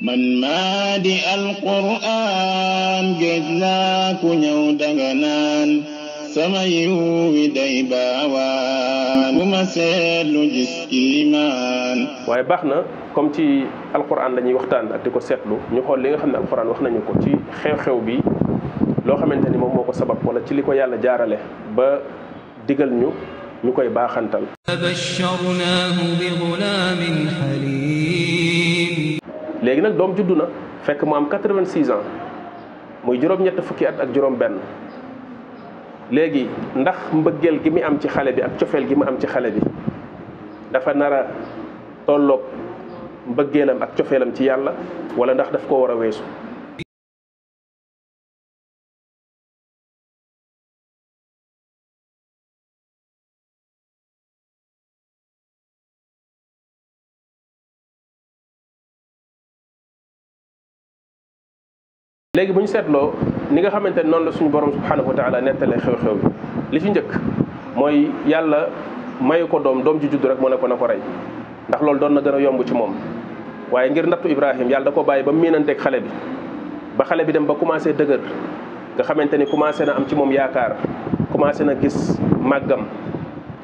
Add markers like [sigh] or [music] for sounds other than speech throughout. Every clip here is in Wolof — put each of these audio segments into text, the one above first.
man maa di alquraan géej laa ku ñëw danga naan sama yiw wi day baawaan bu ma seetlu gis ilimaan waaye baax na comme ci al la ñuy waxtaan ak di ko seetlu ñu xool li nga xam ne alquraan wax nañu ko ci xew-xew bi loo xamante ni moom moo ko sabab wala ci li ko yàlla jaarale ba digal ñu ñu koy baaxantal fa bi gulaamin haliim léegi nag doom juddu na fekk mu am 86 ans muy juróom-ñett fukki at ak juróom-benn léegi ndax mbëggeel gi mu am ci xale bi ak cofeel gi mu am ci xale bi dafa nar a tolloog mbëggeelam ak cofeelam ci yàlla wala ndax daf ko war a weesu. léegi bu ñu seetloo ni nga xamante ne noonu la suñu borom subhanahu wa taala nettalee xew-xew bi li ci njëkk mooy yàlla mayu ko doom doom ji judd rek mu ne na ko rey ndax loolu doon na gën a yomb ci moom waaye ngir nattu Ibrahim yàlla da ko bàyyi ba mu miinanteeg xale bi ba xale bi dem ba commencé dëgër nga xamante ni commencé na am ci moom yaakaar commencé na gis màggam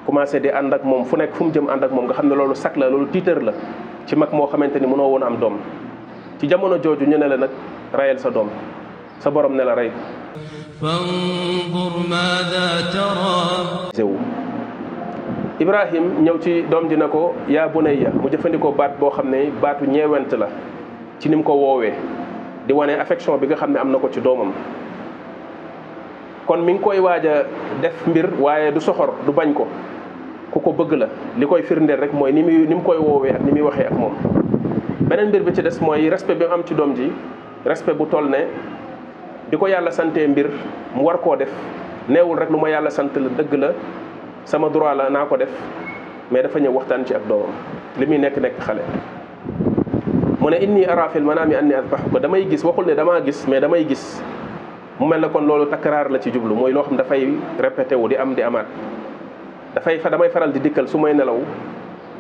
commencé di ànd ak moom fu nekk fu mu jëm ànd ak moom nga xam ne loolu sac la loolu tiitër la ci mag moo xamante ni mënoo woon am doom ci jamono jooju ñu ne la nag rayal sa doom sa borom ne la rey fanzur maada tara Ibrahim ñëw ci doom dina ko yaa bunayya mu jëfandikoo baat boo xam ne baatu ñeewent la ci ni mu ko woowee di wane affection bi nga xam ne am na ko ci doomam kon mi ngi koy waaja def mbir waaye du soxor du bañ ko ku ko bëgg la li koy firndeel rek mooy ni muy ni mu koy woowee ak ni muy waxee ak moom beneen mbir bi ci des mooy respect bi am ci doom ji respect bu toll ne bi ko yàlla santee mbir mu war koo def neewul rek lu ma yàlla sant la dëgg la sama droit la naa ko def mais dafa ñëw waxtaan ci ak doomam li muy nekk nekk xale mu ne inni ara fil manaami anni adbahuka damay gis waxul ne damaa gis mais damay gis mu mel na kon loolu takkaraar la ci jublu mooy loo xam dafay répété wu di am di amaat dafay fa damay faral di dikkal su may nelaw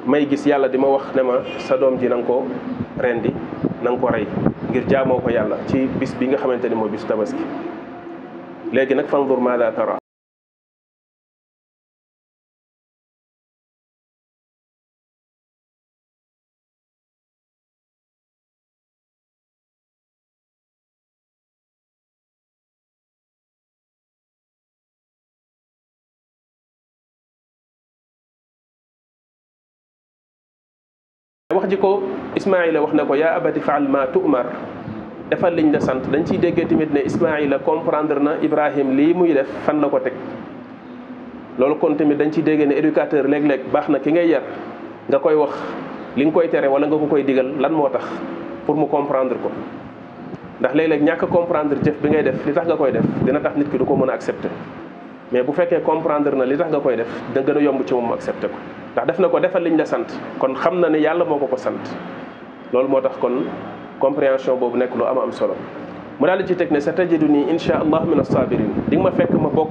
may gis yàlla di ma wax ne ma sa doom ji na ko rendi na nga ko rey ngir jaamoo ko yàlla ci bis bi nga xamante ni mooy bisu tabaski léegi nag fanzur maa daa tara wax ji ko Ismaayila wax na ko yaa abati faal ma tu'mar defal liñ de sant dañ ciy déggee tamit ne Ismaayila comprendre na Ibrahim lii muy def fan la ko teg loolu kon tamit dañ ciy déggee ne éducateur léeg-léeg baax na ki ngay yar nga koy wax li nga koy tere wala nga ko koy digal lan moo tax pour mu comprendre ko ndax léeg-léeg ñàkk comprendre jëf bi ngay def li tax nga koy def dina tax nit ki du ko mën a accepter mais bu fekkee comprendre na li tax nga koy def da gën a yomb ci moom accepté ko ndax def na ko defal liñ la sant kon xam na ne yàlla moo ko ko sant loolu moo tax kon compréhension boobu nekk lu am am solo mu daal di ci teg ne sa tajidu nii insha allah min assabirin di nga ma fekk ma bokk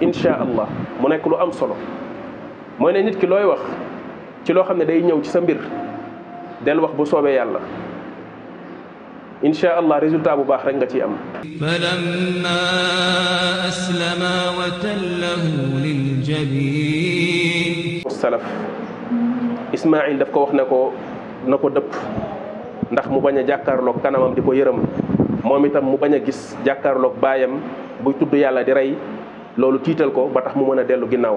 insha allah mu nekk lu am solo mooy ne nit ki looy wax ci loo xam ne day ñëw ci sa mbir del wax bu soobee yàlla incha allah résultat bu baax rek nga ciy am. falamma aslama wa tallahu lil jabin. salaf daf ko wax ne ko na ko dëpp ndax mu bañ a jàkkaarloog kanamam di ko yërëm moom itam mu bañ a gis jàkkaarloog baayam buy tudd yàlla di rey loolu tiital ko ba tax mu mën a dellu ginnaaw.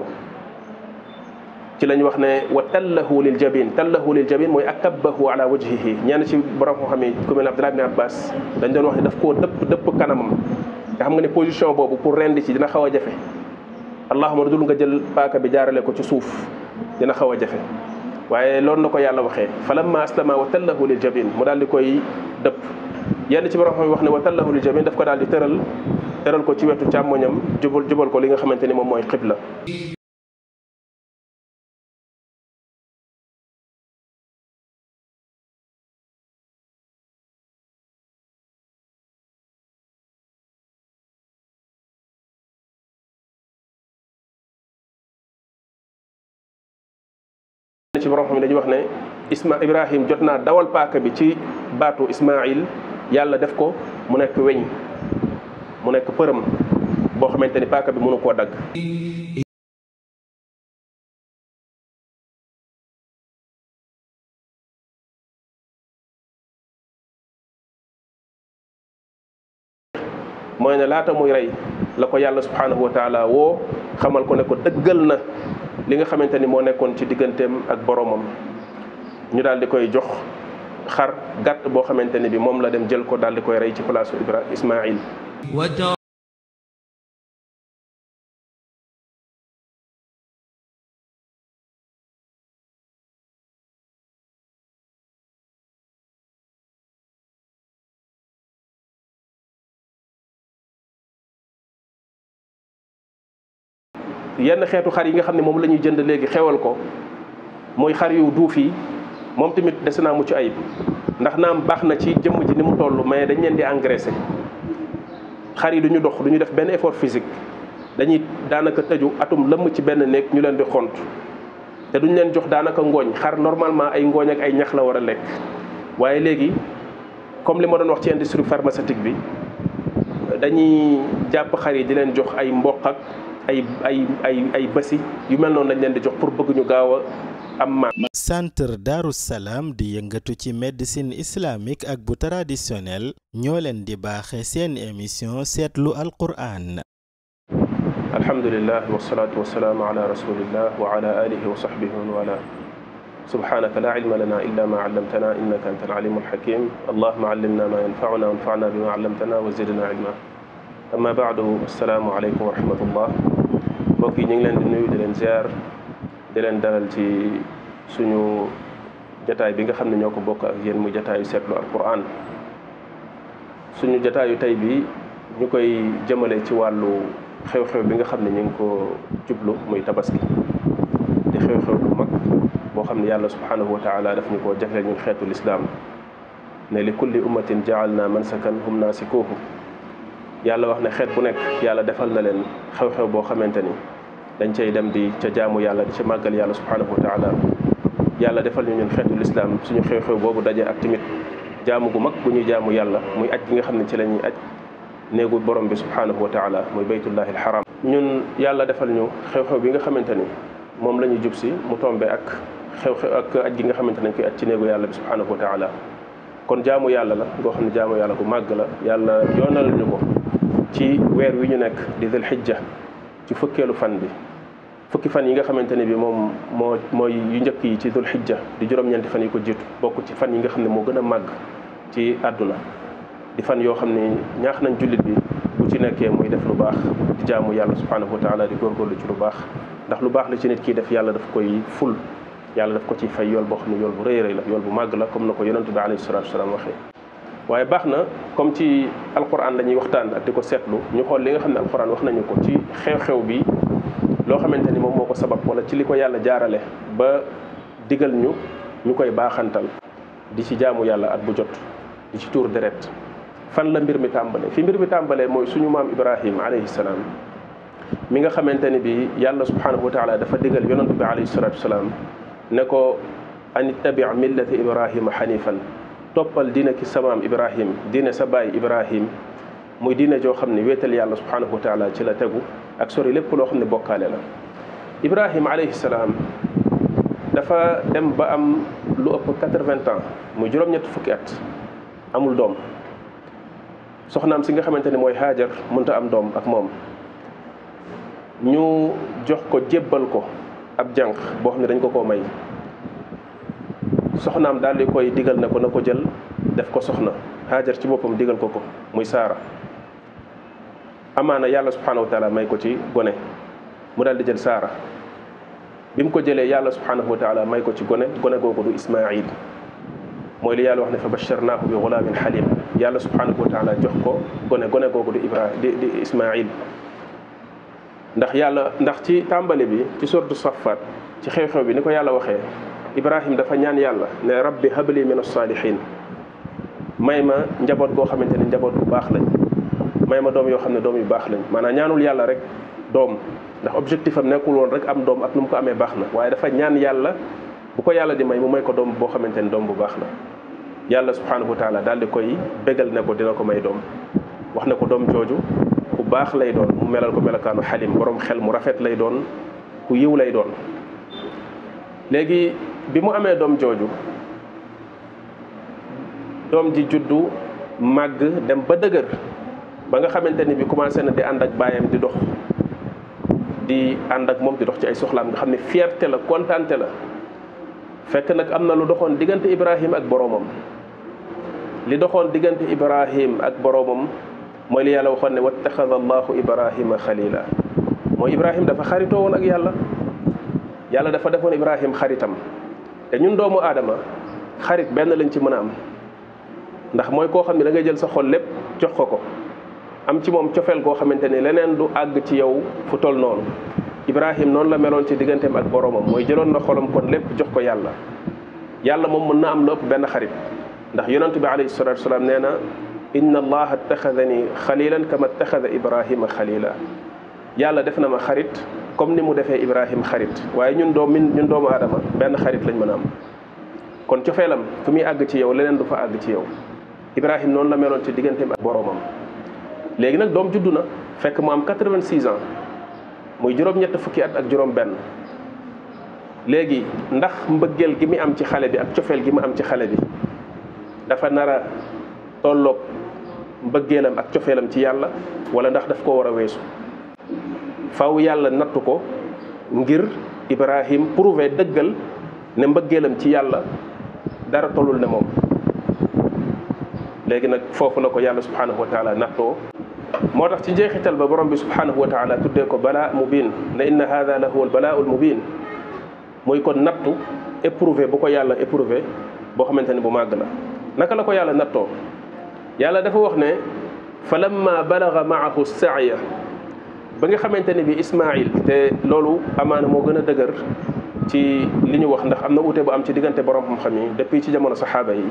ci lañ wax ne wa tallahu lil jabin tallahu lil jabin mooy akabbahu ala wajhihi ñenn ci borom koo xam ne ku mel ne Abdullah ibn Abbas dañ doon wax ne daf koo dëpp dëpp kanamam xam nga ne position boobu pour rendi ci dina xaw a jafe allahuma dul nga jël paaka bi jaarale ko ci suuf dina xaw a jafe waaye loolu na ko yàlla waxee falamma aslama wa tallahu lil jabin mu daal di koy dëpp yenn ci borom xam wax ne wa tallahu lil jabin daf ko daal di tëral tëral ko ci wetu càmmoñam jubal jubal ko li nga xamante ni moom mooy xibla ci borom dañuy wax ne isma ibrahim jot naa dawal paaka bi ci baatu ismail yàlla def ko mu nekk mu nekk përëm boo xamante ni paaka bi mënu koo dagg mooy ne laata muy rey la ko yàlla subhanahu wa taala woo xamal ko ne ko dëggal na li nga xamante ni moo nekkoon ci digganteem ak boroomam ñu daal di koy jox xar gàtt boo xamante ni bi moom la dem jël ko daal di koy rey ci place Ibrahima Ismaïl yenn xeetu xar yi nga xam ne moom lañuy jënd léegi xewal ko mooy xar yu duuf yi moom tamit dese naa mucc ayib ndax naam baax na ci jëm ji ni mu toll mais dañu leen di engraisser xar yi duñu dox du def benn effort physique dañuy daanaka tëju atum lëmm ci benn néeg ñu leen di xont te duñ leen jox daanaka ngooñ xar normalement ay ngooñ ak ay ñax la war a lekk waaye léegi comme li ma doon wax ci industrie pharmaceutique bi dañuy jàpp xar yi di leen jox ay mboq ak ay ay ay ay basi yu mel noon lañ leen di jox pour bëgg ñu gaaw a am ma centre Darou Salam di yëngatu ci médecine islamique ak bu traditionnel ñoo leen di baaxe seen émission seetlu alquran alhamdulilah wasalaatu wasalaamu ala rasulillah wa ala alihi wa sahbihi wa man wala subhanaka la ilma lana illa ma allamtana innaka anta alalim alhakim allahuma allimna ma yanfauna wanfana bima allamtana wa zidna ilma amma baadu assalaamu aleykum wa rahmatullah mbokk yi ñu ngi leen di nuyu di leen ziar di leen dalal ci suñu jataay bi nga xam ne ñoo ko bokk ak yéen muy jataayu seetlu al quran suñu jataayu tey bi ñu koy jëmale ci wàllu xew-xew bi nga xam ne ñu ngi ko jublu muy tabaski di xew-xew bu mag boo xam ne yàlla subhanahu wa taala daf ñu ko jagleel ñun xeetu lislaam ne li kulli ummatin jaalna mansakan hum naasikuuhum yàlla wax ne xeet bu nekk yàlla defal na leen xew-xew boo xamante ni dañ cay dem di ca jaamu yàlla di ca màggal yàlla subhaanahu wa taala yàlla defal ñu ñun xeetu lislaam suñu xew-xew boobu daje ak tamit jaamu gu mag bu ñuy jaamu yàlla muy aj gi nga xam ne ci la ñuy néegu borom bi subhaanahu wa taala muy baytullahi alxaram ñun yàlla defal ñu xew bi nga xamante ni moom la ñu jub si mu tombe ak xew-xew ak aj gi nga xamante nañ koy aj ci néegu yàlla bi subhaanahu wa taala kon jaamu yàlla la goo xam ne jaamu yàlla gu màgg la yàlla yoonal ñu ko ci weer wi ñu nekk di dul xijja ci fukkeelu fan bi fukki fan yi nga xamante ne bi moom moo mooy yu njëkk yi ci dul xijja di juróom-ñeenti fan yi ko jiitu bokk ci fan yi nga xam ne moo gën a màgg ci àdduna di fan yoo xam ne ñaax nañ jullit bi bu ci nekkee muy def lu baax di jaamu yàlla subhanahu wa taala di góorgóorlu ci lu baax ndax lu baax la ci nit kii def yàlla daf koy ful yàlla daf ko ci fay yool boo xam ne yool bu rëy rëy la yool bu màgg la waaye baax na comme ci alquran la ñuy waxtaan ak di ko seetlu ñu xool li nga xam ne alquran wax nañu ko ci xew-xew bi loo xamante ni moom moo ko sabab walla ci li ko yàlla jaarale ba digal ñu ñu koy baaxantal di ci jaamu yàlla ak bu jot di ci tuur deret fan la mbir mi tàmbalee fi mbir mi tàmbalee mooy suñu maam Ibrahim alayhi salaam mi nga xamante ni bi yàlla subhanahu wa taala dafa digal yonantu bi alayhi salatu wasalaam ne ko an ittabi millata ibrahima xanifan toppal diine ki samaam ibrahim diine sa baay ibrahim muy diine joo xam ne wéetal yàlla subhanahu wa ci la tegu ak sori lépp loo xam ne bokkaale la ibrahim alayhi salaam dafa dem ba am lu ëpp quatre-vingts ans muy juróom-ñett fukki at amul doom soxnaam si nga xamante ne mooy Haajar mënta am doom ak moom ñu jox ko jébbal ko ab janq boo xam ne dañ ko ko may soxnaam daal di koy digal na ko na ko jël def ko soxna Haajar ci boppam digal ko ko muy Saara amaana yàlla subhanahu wa taala may ko ci gone mu daal di jël Saara bi ko jëlee yàlla subhanahu wa may ko ci gone gone googu du Ismaayil mooy li yàlla wax ne fa basharnaahu bi gulaamin xalim yàlla subhanahu wa taala jox ko gone gone googu du Ibrahim di di Ismaayil ndax yàlla ndax ci tàmbali bi ci sortu Safaat ci xew-xew bi ni ko yàlla waxee. ibrahim dafa ñaan yàlla ne rabbi habli min as-salihin may ma njaboot goo xamante ne njaboot bu baax lañ may ma doom yoo xam ne doom yu baax lañ maanaam ñaanul yàlla rek doom ndax objectif am nekkul woon rek am doom ak nu mu ko amee baax na waaye dafa ñaan yàlla bu ko yàlla di may mu may ko doom boo xamante ne doom bu baax la yàlla subhanahu wa taala daal di koy bégal ne ko dina ko may doom wax ne ko doom jooju ku baax lay doon mu melal ko melokaanu xalim borom xel mu rafet lay doon ku yiw lay doon bi mu amee doom jooju doom ji juddu màgg dem ba dëgër ba nga xamante ni bi commencé na di ànd ak baayam di dox di ànd ak moom di dox ci ay soxlaam nga xam ne fierté la kontaante la fekk nag am na lu doxoon diggante Ibrahim ak boroomam li doxoon diggante Ibrahim ak boroomam mooy li yàlla waxoon ne wattaxada allahu Ibrahima xalila mooy Ibrahim dafa xaritoo woon ak yàlla yàlla dafa defoon Ibrahim xaritam te ñun doomu aadama xarit benn lañ ci mën a am ndax mooy koo xam ne dangay jël sa xol lépp jox ko ko am ci moom cofeel koo xamante ni leneen du àgg ci yow fu toll noonu Ibrahim noonu la meloon ci digganteem ak boromam mooy jëloon na xolam kon lépp jox ko yàlla yàlla moom mën na am lu benn xarit ndax yonent bi alayhi salatu wasalaam nee na inna allaha attaxadani xalilan kama attaxada ibrahima xalila yàlla def na ma xarit comme ni mu defee Ibrahim xarit waaye ñun doom ñun doomu aadama benn xarit lañ mën a am kon cofeelam fu muy àgg ci yow leneen du fa àgg ci yow Ibrahim noonu la meloon ci digganteem ak boroomam léegi nag doom juddu na fekk mu am 86 ans muy juróom-ñett fukki at ak juróom-benn léegi ndax mbëggeel gi mu am ci xale bi ak cofeel gi mu am ci xale bi dafa nar a tolloog mbëggeelam ak cofeelam ci yàlla wala ndax daf ko war a weesu. faw yàlla nattu ko ngir Ibrahim prouvé dëggal ne mbëggeelam ci yàlla dara tolul ne moom léegi nag foofu la ko yàlla subhanahu wa taala nattoo moo tax ci njeexital ba borom bi subhanahu wa taala tuddee ko balaa mubin ne inna hada la huwa al balaa'ul mubin muy kon nattu éprouvé bu ko yàlla éprouvé boo xamante ne bu màgg la naka la ko yàlla nattoo yàlla dafa wax ne fa lamma balaga maahu saaya ba nga xamante ne bi Ismaïl te loolu amaana moo gën a dëgër ci li ñu wax ndax am na uute bu am ci diggante borom xam-xam yi depuis ci jamono saxaaba yi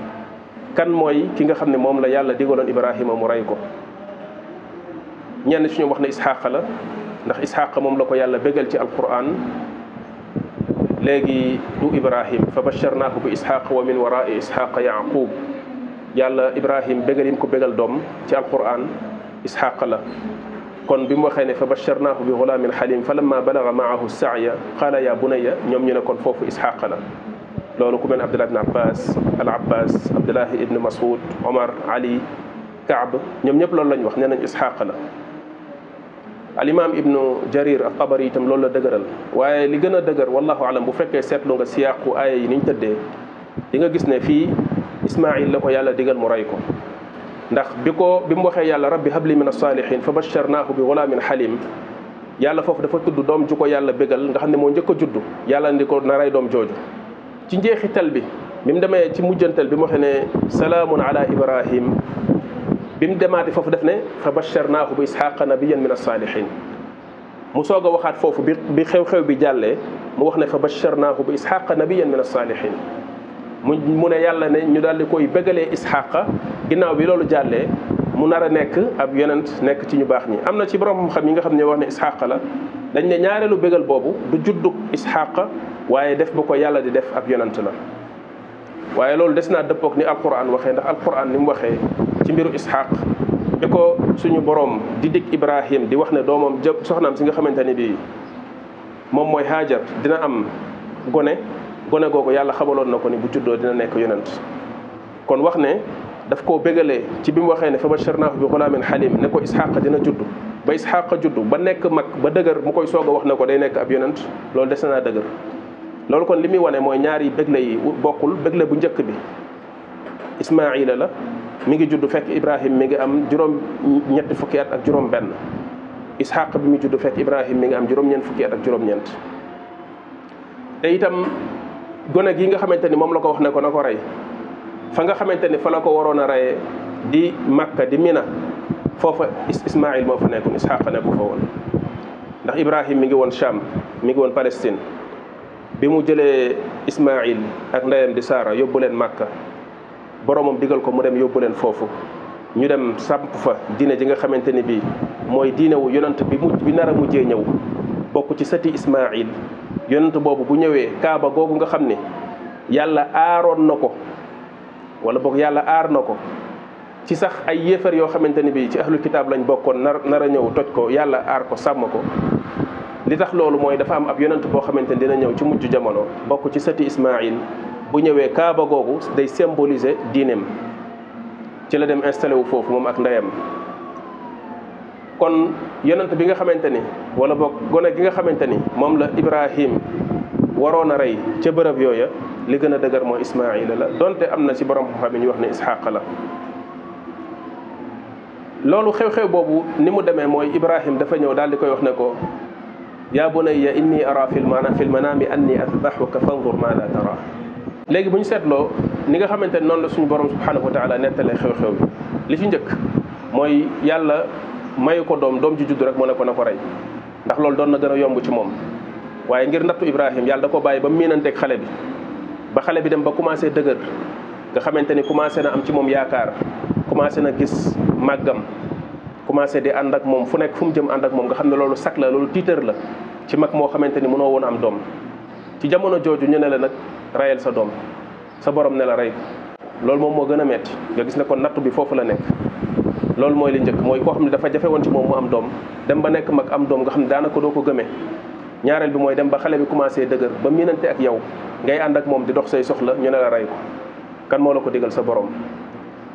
kan mooy ki nga xam ne moom la yàlla digaloon Ibrahima mu rey ko ñenn suñu wax ne Isxaaqa la ndax Isxaaqa moom la ko yàlla bégal ci alquran léegi du Ibrahim fa basharnaahu bi Isxaaqa wa min waraai Isxaaqa Yaaqub yàlla Ibrahim bégal yi mu ko bégal doom ci alquran Isxaaqa la kon bi mu waxee ne fa basharnaahu bi gulaamin xalim fa lamma balaga maahu saaya qaala ya bunaya ñoom ñu ne kon foofu isxaqa la loolu ku mel ne abdullah ibne abbas al abbas abdullahi ibne masud ali kaab ñoom ñëpp loolu lañ wax nee nañ isxaqa la alimaam ibnu jarir ak tabari loolu la dëgëral waaye li gën a dëgër wallahu alam bu fekkee seetlu nga siyaaqu aaya yi ni ñu tëddee di nga gis ne fii ismail la ko yàlla digal mu rey ko ndax bi ko bi mu waxee yàlla rabbi habli min asalihin fa basharnaahu bi walaa gulaamin halim yàlla foofu dafa tudd doom ju ko yàlla bégal nga xam ne moo njëkk a juddu yàlla ni ko naray rey doom jooju ci njeexital bi bi mu demee ci mujjantal bi mu waxee ne salaamun ala ibrahim bi mu demaati foofu def ne fa basharnaahu bi ishaqa nabiyan min asalihin mu soog a waxaat foofu bi bi xew-xew bi jàllee mu wax ne fa basharnaahu bi ishaqa nabiyan min asalihin mu mu ne yàlla ne ñu daal di koy bëggalee ishaqa ginnaaw bi loolu jàllee mu nar a nekk ab yonent nekk ci ñu baax nii am na ci borom xam yi nga xam ne wax ne isxaqa la dañ ne ñaareelu bégal boobu du juddu isxaqa waaye def ba ko yàlla di def ab yonent la waaye loolu des naa dëppoog ni alquran waxee ndax alquran ni mu waxee ci mbiru isxaq bi ko suñu borom di dig ibrahim di wax ne doomam jë soxnaam si nga xamante ni bii moom mooy haajar dina am gone gone googu yàlla xamaloon na ko ni bu juddoo dina nekk yonent daf koo bégalee ci bi mu waxee ne fa basharnaahu bi xulaamin xalim ne ko isxaqa dina judd ba isxaqa juddu ba nekk mag ba dëgër mu koy soog a wax ne ko day nekk ab yonent loolu dese naa dëgër loolu kon li muy wane mooy ñaari bégle yi bokkul bégle bu njëkk bi ismaila la mi ngi juddu fekk ibrahim mi ngi am juróom ñetti fukki ak juróom benn bi mu judd fekk ibrahim mi ngi am juróom-ñeent fukki at ak juróom-ñeent te itam gone gi nga xamante ni moom la ko wax ne ko na ko rey fa nga xamante ni fa la ko waroon a reye di Makka di Mina foofa Ismaïl moo fa nekkoon fa nekku fa woon ndax Ibrahim mi ngi woon Cham mi ngi woon Palestine bi mu jëlee Ismaïl ak ndeyam di Saara yóbbu leen Makka boromam digal ko mu dem yóbbu leen foofu ñu dem sàmp fa diine ji nga xamante ni bii mooy diine wu yonent bi bi nar a mujjee ñëw bokk ci sëti Ismaïl yonent boobu bu ñëwee Kaaba googu nga xam ni yàlla aaroon na ko wala boog yàlla aar na ko ci sax ay yéefar yoo xamante ni bii ci ahlu kitaab lañ bokkoon nar nar a ñëw toj ko yàlla aar ko sàmm ko li tax loolu mooy dafa am ab yonent boo xamante ni dina ñëw ci mujj jamono bokk ci sëti Ismaïl bu ñëwee Kaaba googu day symboliser diineem ci la dem installé wu foofu moom ak ndeyam kon yonent bi nga xamante ni wala boog gone gi nga xamante ni moom la Ibrahim waroon a rey ca bërëb yooya li gën a dëgër mooy ismaila la donte am na ci borom xam-xam yi ñu wax ne isxaqa la loolu xew-xew boobu ni mu demee mooy ibrahim dafa ñëw daal di koy wax ne ko yaa bunayya inni ara fil maanaam fil manaami anni asbahuka fanzur maada tara léegi bu ñu seetloo ni nga xamante ne noonu la suñu borom subhanahu wa taala nettalee xew-xew bi li fi njëkk mooy yàlla mayu ko doom doom ju juddu rek mu ne ko na ko rey ndax loolu doon na gën a yomb ci moom waaye ngir nattu Ibrahim yàlla da ko bàyyi ba miinanteeg xale bi ba xale bi dem ba commencé dëgër nga xamante ni commencé na am ci moom yaakaar commencé na gis màggam commencé di ànd ak moom fu nekk fu mu jëm ànd ak moom nga xam ne loolu sac la loolu tiitër la mag moo xamante ni mënoo woon am doom ci jamono jooju ñu ne la nag rayal sa doom sa borom ne la rey loolu moom moo gën a metti nga gis ne kon nattu bi foofu la nekk loolu mooy li njëkk mooy koo xam ne dafa jafe woon ci moom mu am doom dem ba nekk mag am doom nga xam ne daanaka doo ko gëmee ñaareel bi mooy dem ba xale bi commencé dëgër ba miinante ak yow ngay ànd ak moom di dox say soxla ñu ne la rey ko kan moo la ko digal sa borom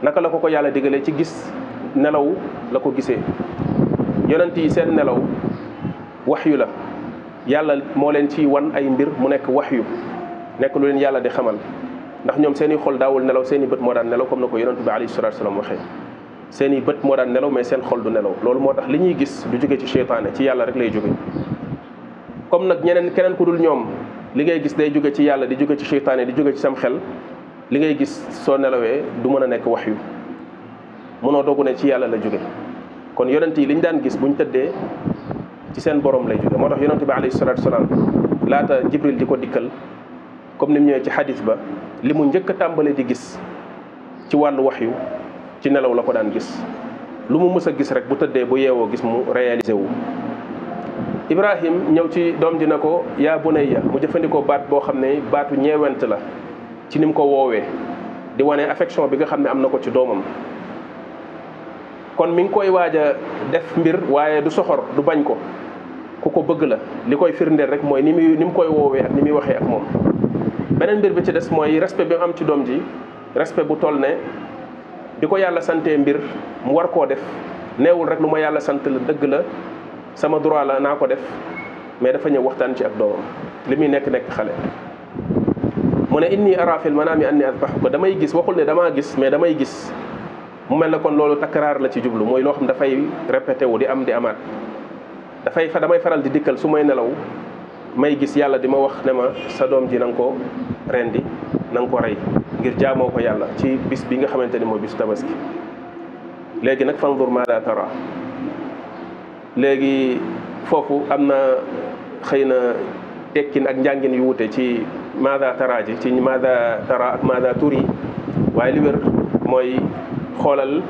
naka la ko ko yàlla digalee ci gis nelaw la ko gisee yonent yi seen nelaw wax yu la yàlla moo leen ci wan ay mbir mu nekk wax yu nekk lu leen yàlla di xamal ndax ñoom seen i xol daawul nelaw seen i bët moo daan nelaw comme na ko yonent bi alayhi salaatu salaam waxee seen i bët moo daan nelaw mais seen xol du nelaw loolu moo tax li ñuy gis du jóge ci seytaane ci yàlla rek lay jóge comme nag ñeneen keneen ku dul ñoom li ngay gis day jóge ci yàlla di jóge ci seytaane di jóge ci sam xel li ngay gis soo nelawee du mën a nekk wax yu mënoo dogu ne ci yàlla la jóge kon yonent yi li ñu daan gis bu ñu tëddee ci seen borom lay jóge moo tax yonent bi alayhi salaatu salaam laata jibril di ko dikkal comme ni mu ñëwee ci xadis ba li mu njëkk a di gis ci wàllu wax yu ci nelaw la ko daan gis lu mu mës a gis rek bu tëddee bu yeewoo gis mu réalisé wu Ibrahim ñëw ci doom dina ko yaa bunayya mu jëfandikoo baat boo xam ne baatu ñeewant la ci ni mu ko woowee di wane affection bi nga xam ne am na ko ci doomam kon mi ngi koy waaja def mbir waaye du soxor du bañ ko ku ko bëgg la li koy firndeel rek mooy ni muy ni mu koy woowee ak ni muy waxee ak moom beneen mbir bi ci des mooy respe bi am ci doom ji respect bu toll ne bi ko yàlla santee mbir mu war koo def neewul rek lu ma yàlla sant la dëgg la sama droit la naa ko def mais dafa ñëw waxtaan ci ak doomam li muy nekk nekk xale mu ne inni ara fil manaami anni azbahuka damay gis waxul ne damaa gis mais damay gis mu mel ne kon loolu takkaraar la ci jublu mooy loo xam dafay répété wu di am di amaat dafay fa damay faral di dikkal su may nelaw may gis yàlla di ma wax ne ma sa doom ji nangu ko rendi na nga ko rey ngir jaamoo ko yàlla ci bis bi nga xamante ni mooy bisu tabaski léegi nag fandur maa daa léegi foofu am na xëy na tekkin ak njàngin yu wute ci maada tara ji ci maada tara ak maada turi waaye li wér mooy xoolal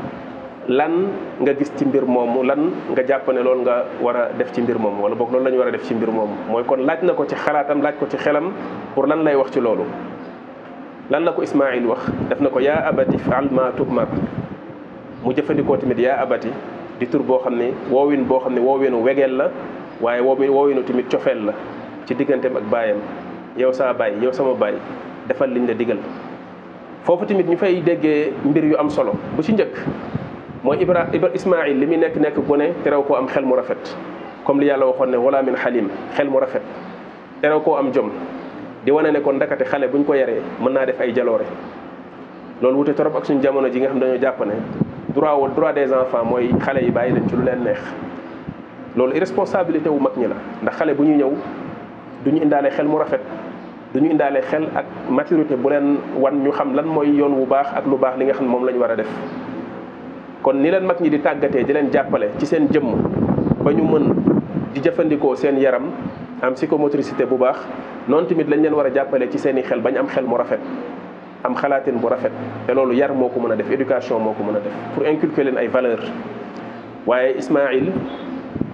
lan nga gis ci mbir moomu lan nga jàpp ne loolu nga war a def ci mbir moom wala boog loolu lañu ñu war a def ci mbir moom mooy kon laaj na ko ci xalaatam laaj ko ci xelam pour lan lay wax ci loolu lan la ko Ismaayil wax def na ko yaa abati faal ma tuhmar mu jëfandikoo tamit yaa abati di boo xam ne woowin boo xam ne woowinu wegeel la waaye woowin woowinu tamit cofeel la ci digganteem ak baayam yow saa baay yow sama baay defal liñ la digal foofu tamit ñu fay déggee mbir yu am solo bu ci njëkk mooy Ibra Ismaïl li muy nekk nekk gone terew koo am xel mu rafet comme li yàlla waxoon ne wala min xalim xel mu rafet terew koo am jom di wane ne kon ndakate xale buñ ko yaree mën naa def ay jaloore loolu wute torop ak suñu jamono ji nga xam dañoo jàpp ne droit wa droit des enfants mooy xale yi bàyyi leen ci lu leen neex loolu irresponsabilité wu mag ñi la ndax xale bu ñu ñëw du ñu indaale xel mu rafet du ñu indaale xel ak maturité bu leen wan ñu xam lan mooy yoon wu baax ak lu baax li nga xam moom la ñu war a def kon ni leen mag ñi di tàggatee di leen jàppale ci seen jëmm ba ñu mën di jëfandikoo seen yaram am psychomotricité bu baax noonu tamit lañ leen war a jàppale ci seen i xel bañ am xel mu rafet am xalaatin bu rafet te loolu yar moo ko mën a def éducation moo ko mën a def pour inculquer leen ay valeur waaye Ismaïl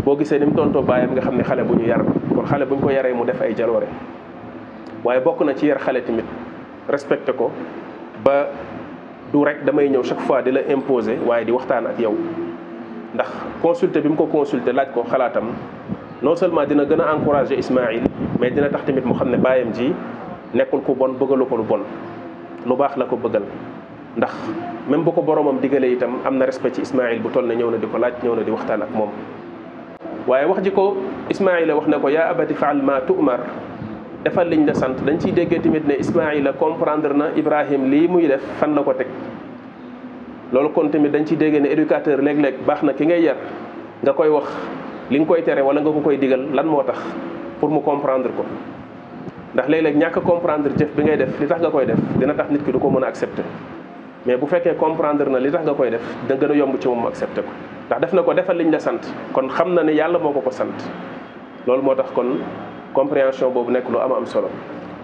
boo gisee ni mu tontoo baayam nga xam ne xale bu ñu yar kon xale bu ñu ko yaree mu def ay jaloore waaye bokk na ci yar xale tamit respecté ko ba du rek damay ñëw chaque fois di la imposer waaye di waxtaan ak yow ndax consulter bi mu ko consulter laaj ko xalaatam non seulement dina gën a encourager Ismaïl mais dina tax tamit mu xam ne baayam ji nekkul ku bon bëggalu bon lu baax la ko bëggal ndax même bu ko boroomam digalee itam am na respect ci Ismaïl bu toll na ñëw na di ko laaj ñëw na di waxtaan ak moom waaye wax ji ko Ismaïla wax na ko yaa abati faal ma tu'mar defal liñ la sant dañ ciy déggee tamit ne Ismaïla comprendre na Ibrahim lii muy def fan la ko teg loolu kon tamit dañ ciy déggee ne éducateur léeg-léeg baax na ki ngay yar nga koy wax li nga koy tere wala nga ko koy digal lan moo tax pour mu comprendre ko ndax léeg ñàkk comprendre jëf bi ngay def li tax nga koy def dina tax nit ki du ko mën a accepter mais bu fekkee comprendre na li tax nga koy def da gën a yomb ci moom accepter ko ndax def na ko defal liñ la sant kon xam na ne yàlla moo ko ko sant loolu moo tax kon compréhension boobu nekk lu am am solo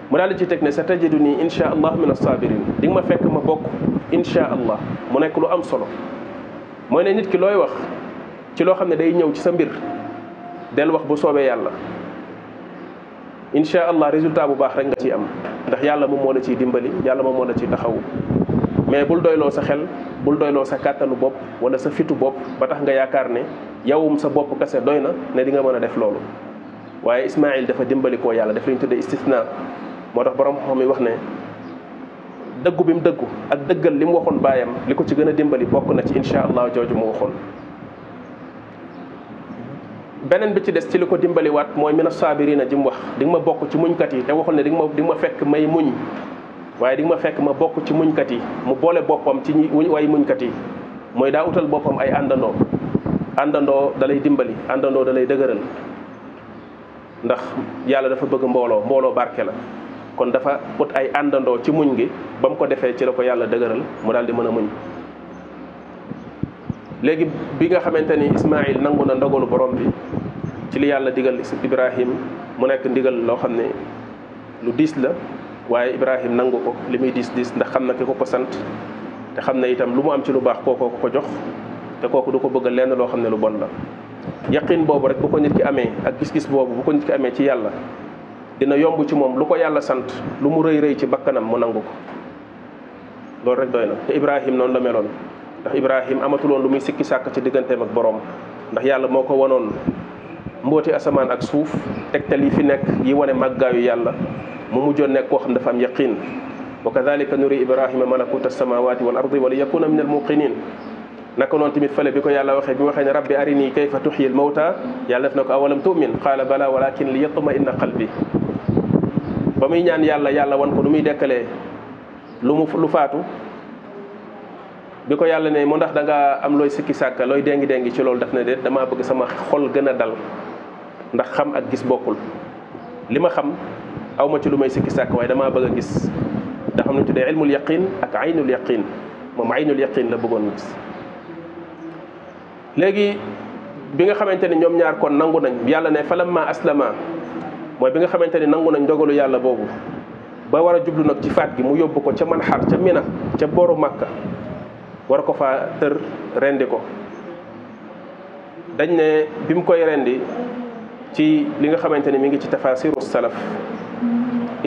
mu daal di ci teg ne sa tajidu nii insha allah min assabirin di nga ma fekk ma bokk insha allah mu nekk lu am solo mooy ne nit ki looy wax ci loo xam ne day ñëw ci sa mbir del wax bu soobee yàlla incha allah résultat bu baax rek nga ciy am ndax yàlla moom moo la ciy dimbali yàlla moom moo la ciy taxawu mais bul doyloo sa xel bul doyloo sa kàttanu bopp wala sa fitu bopp ba tax nga yaakaar ne yowum sa bopp kese doy na ne di nga mën a def loolu waaye Ismaïl dafa dimbali koo yàlla daf lañu tuddee istisna moo tax borom xam mi wax ne dëggu bi mu dëggu ak dëggal li mu waxoon baayam li ko ci gën a dimbali bokk na ci incha allah jooju mu waxoon beneen bi ci des ci li ko dimbaliwaat mooy mina saabirina ji mu wax di nga ma bokk ci muñkat yi te waxul ne di nga ma di ma fekk may muñ waaye di ma fekk ma bokk ci muñkat yi mu boole boppam ci ñi way muñkat yi mooy daa utal boppam ay àndandoo àndandoo dalay dimbali àndandoo da lay dëgëral ndax yàlla dafa bëgg mbooloo mbooloo barke la kon dafa ut ay àndandoo ci muñ gi ba mu ko defee ci la ko yàlla dëgëral mu daal di mën a muñ léegi bi nga xamante ni Ismaïl nangu na ndogolu borom bi ci li yàlla digal Ibrahim mu nekk ndigal loo xam ne lu diis la waaye Ibrahim nangu ko li muy diis diis ndax xam na ki ko ko sant te xam ne itam lu mu am ci lu baax kookoo ko jox te kooku du ko bëgg lenn loo xam ne lu bon la. yaqin boobu rek bu ko nit ki amee ak gis-gis boobu bu ko nit ki amee ci yàlla dina yomb ci moom lu ko yàlla sant lu mu rëy rëy ci bakkanam mu nangu ko loolu rek doy na te noonu la meloon. ndax Ibrahim amatuloon lu muy sikki sàkk ci digganteem ak borom ndax yàlla moo ko wanoon mbooti asamaan ak suuf tegtal yi fi nekk yi wane màggaayu yàlla mu mujjoon nekk koo xam dafa am yaqiin wa kadalika nuri ibrahima malakuta samawati wal ardi wa li yakuna min al muqinin naka noonu tamit fële bi ko yàlla waxee bi waxee ne rabbi arini kayfa tuhyil mawta yàlla def na ko awalam tu'min qaala bala walakin li yatma inna qalbi ba muy ñaan yàlla yàlla wan ko nu muy dekkalee lu mu lu faatu bi ko yàlla ne mu ndax danga am looy sikki sàkka looy dengi dengi ci loolu daf na déet damaa bëgg sama xol gën a dal ndax xam ak gis bokkul li ma xam aw ma ci lu may sikki sàkk waaye damaa bëgg a gis da xam ne tuddee ilmul yaqin ak aynul yaqin moom aynul yaqin la bëggoon gis léegi bi nga xamante ni ñoom ñaar kon nangu nañ yàlla ne falamma aslama mooy bi nga xamante ni nangu nañ dogalu yàlla boobu ba war a jublu nag ci faat gi mu yóbbu ko ca man xar ca mina ca boru màkka war ko fa tër rendi ko dañ ne bi mu koy rendi ci li nga xamante ni mu ngi ci tafasiru salaf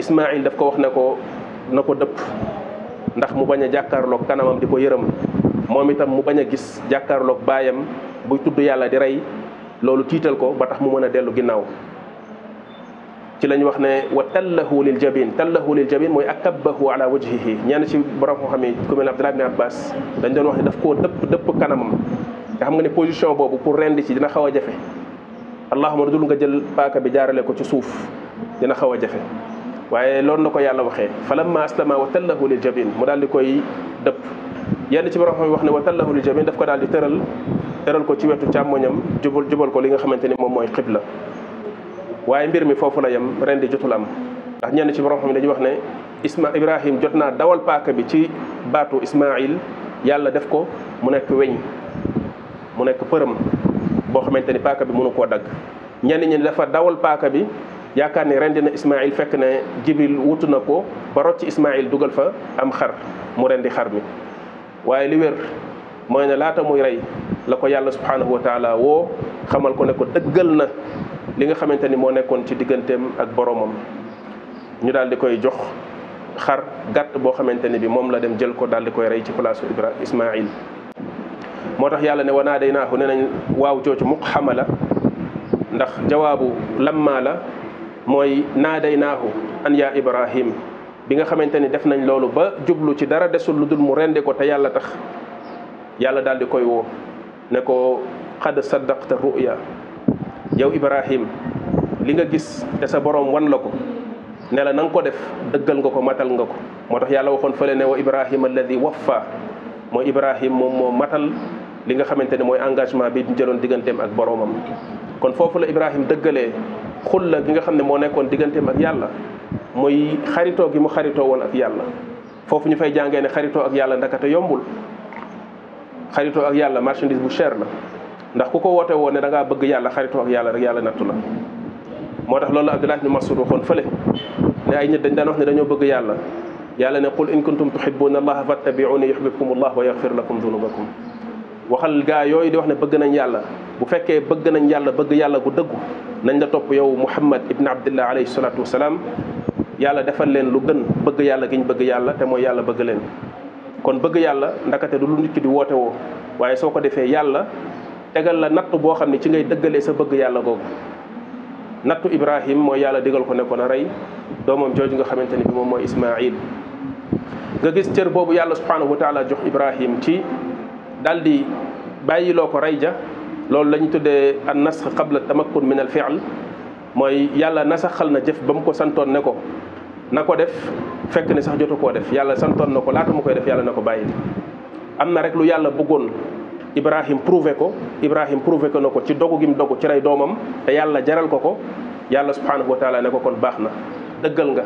Ismaïl daf ko wax ne ko na ko dëpp ndax mu bañ a jàkkaarloog kanamam di ko yërëm moom itam mu bañ a gis jàkkaarloog baayam buy tudd yàlla di rey loolu tiital ko ba tax mu mën a dellu ginnaaw ci lañ wax ne wa tallahu lil jabin tallahu lil jabin mooy akabbahu ala wajhihi ñenn ci borom koo xam ne ku mel ne Abdallah ibn Abbas dañ doon wax ne daf koo dëpp dëpp kanamam nga xam nga ne position boobu pour rend ci dina xaw a jafe allahuma dul nga jël paaka bi jaarale ko ci suuf dana xaw a jafe waaye loolu na ko yàlla waxee falamma aslama wa tallahu lil jabin mu daal di koy dëpp yenn ci borom xam wax ne wa tallahu lil jabin daf ko daal di tëral tëral ko ci wetu càmmoñam jubal jubal ko li nga xamante ni moom mooy xibla waaye mbir mi foofu la yem ren di jotul am ndax ñenn ci borom xam ne dañuy wax ne isma ibrahim jot naa dawal paaka bi ci baatu ismail yàlla def ko mu nekk weñ mu nekk përëm boo xamante ni paaka bi mënu koo dagg ñenn ñi dafa dawal paaka bi yaakaar ne rendi na ismail fekk ne jibril wutu na ko ba rocc ismail dugal fa am xar mu rendi xar mi waaye li wér mooy ne laata muy rey la ko yàlla subhanahu wa taala woo xamal ko ne ko dëggal na li nga xamante ni moo nekkoon ci digganteem ak boroomam ñu daal di koy jox xar gàtt boo xamante ni bi moom la dem jël ko daal di koy rey ci place Ibrahima Ismaïl moo tax yàlla ne wanaa day naahu ne nañ waaw jooju muq xama la ndax jawaabu lammaa la mooy naaday day naahu an yaa Ibrahim bi nga xamante ni def nañ loolu ba jublu ci dara desul lu dul mu rende ko te yàlla tax yàlla daal di koy woo ne ko xad saddaqta ruya yow Ibrahim li nga gis te sa borom wan la ko ne la na ko def dëggal nga ko matal nga ko moo tax yàlla waxoon fële ne wa Ibrahim wax fa mooy Ibrahim moom moo matal li nga xamante ne mooy engagement bi ñu jëloon digganteem ak boroomam kon foofu la Ibrahim dëggalee xulla gi nga xam ne moo nekkoon digganteem ak yàlla mooy xaritoo gi mu xaritoo woon ak yàlla foofu ñu fay jàngee ne xaritoo ak yàlla ndakate yombul xaritoo ak yàlla marchandise bu cher la. ndax ku ko woote woo ne da bëgg yàlla xaritoo ak yàlla rek yàlla nattu la moo tax loolu Abdullah ibn Mas'ud waxoon fële ne ay nit dañ daan wax ne dañoo bëgg yàlla yàlla ne qul in kuntum tuhibbuna allaha fattabi'uni yuhibbukum allah wa yaghfir lakum dhunubakum waxal gaa yooyu di wax ne bëgg nañ yàlla bu fekkee bëgg nañ yàlla bëgg yàlla gu dëggu nañ la topp yow muhammad ibn abdillah alayhi salatu wasalaam yàlla defal leen lu gën bëgg yàlla giñ bëgg yàlla te mooy yàlla bëgg leen kon bëgg yàlla ndakate du lu nit ki di woote woo waaye soo ko defee yàlla tegal la nattu boo xam ne ci ngay dëggalee sa bëgg yàlla googu nattu Ibrahim mooy yàlla digal ko nekkoon ko na rey doomam jooju nga xamante ne bi moom mooy Ismaayil nga gis cër boobu yàlla subhaanahu wa taala jox Ibrahim ci daal di bàyyiloo ko rey ja loolu la ñu tuddee an nas qabla tamakkun min al fi'l mooy yàlla na sax xal na jëf ba mu ko santoon ne ko na ko def fekk ne sax jotu koo def yàlla santoon na ko laata mu koy def yàlla na ko bàyyi am na rek lu yàlla bëggoon Ibrahim prouvé ko Ibrahim prouvé ko na ko ci dogu gim dogu ci rey doomam te yàlla jaral ko ko yàlla subhanahu wa taala ne ko kon baax na dëggal nga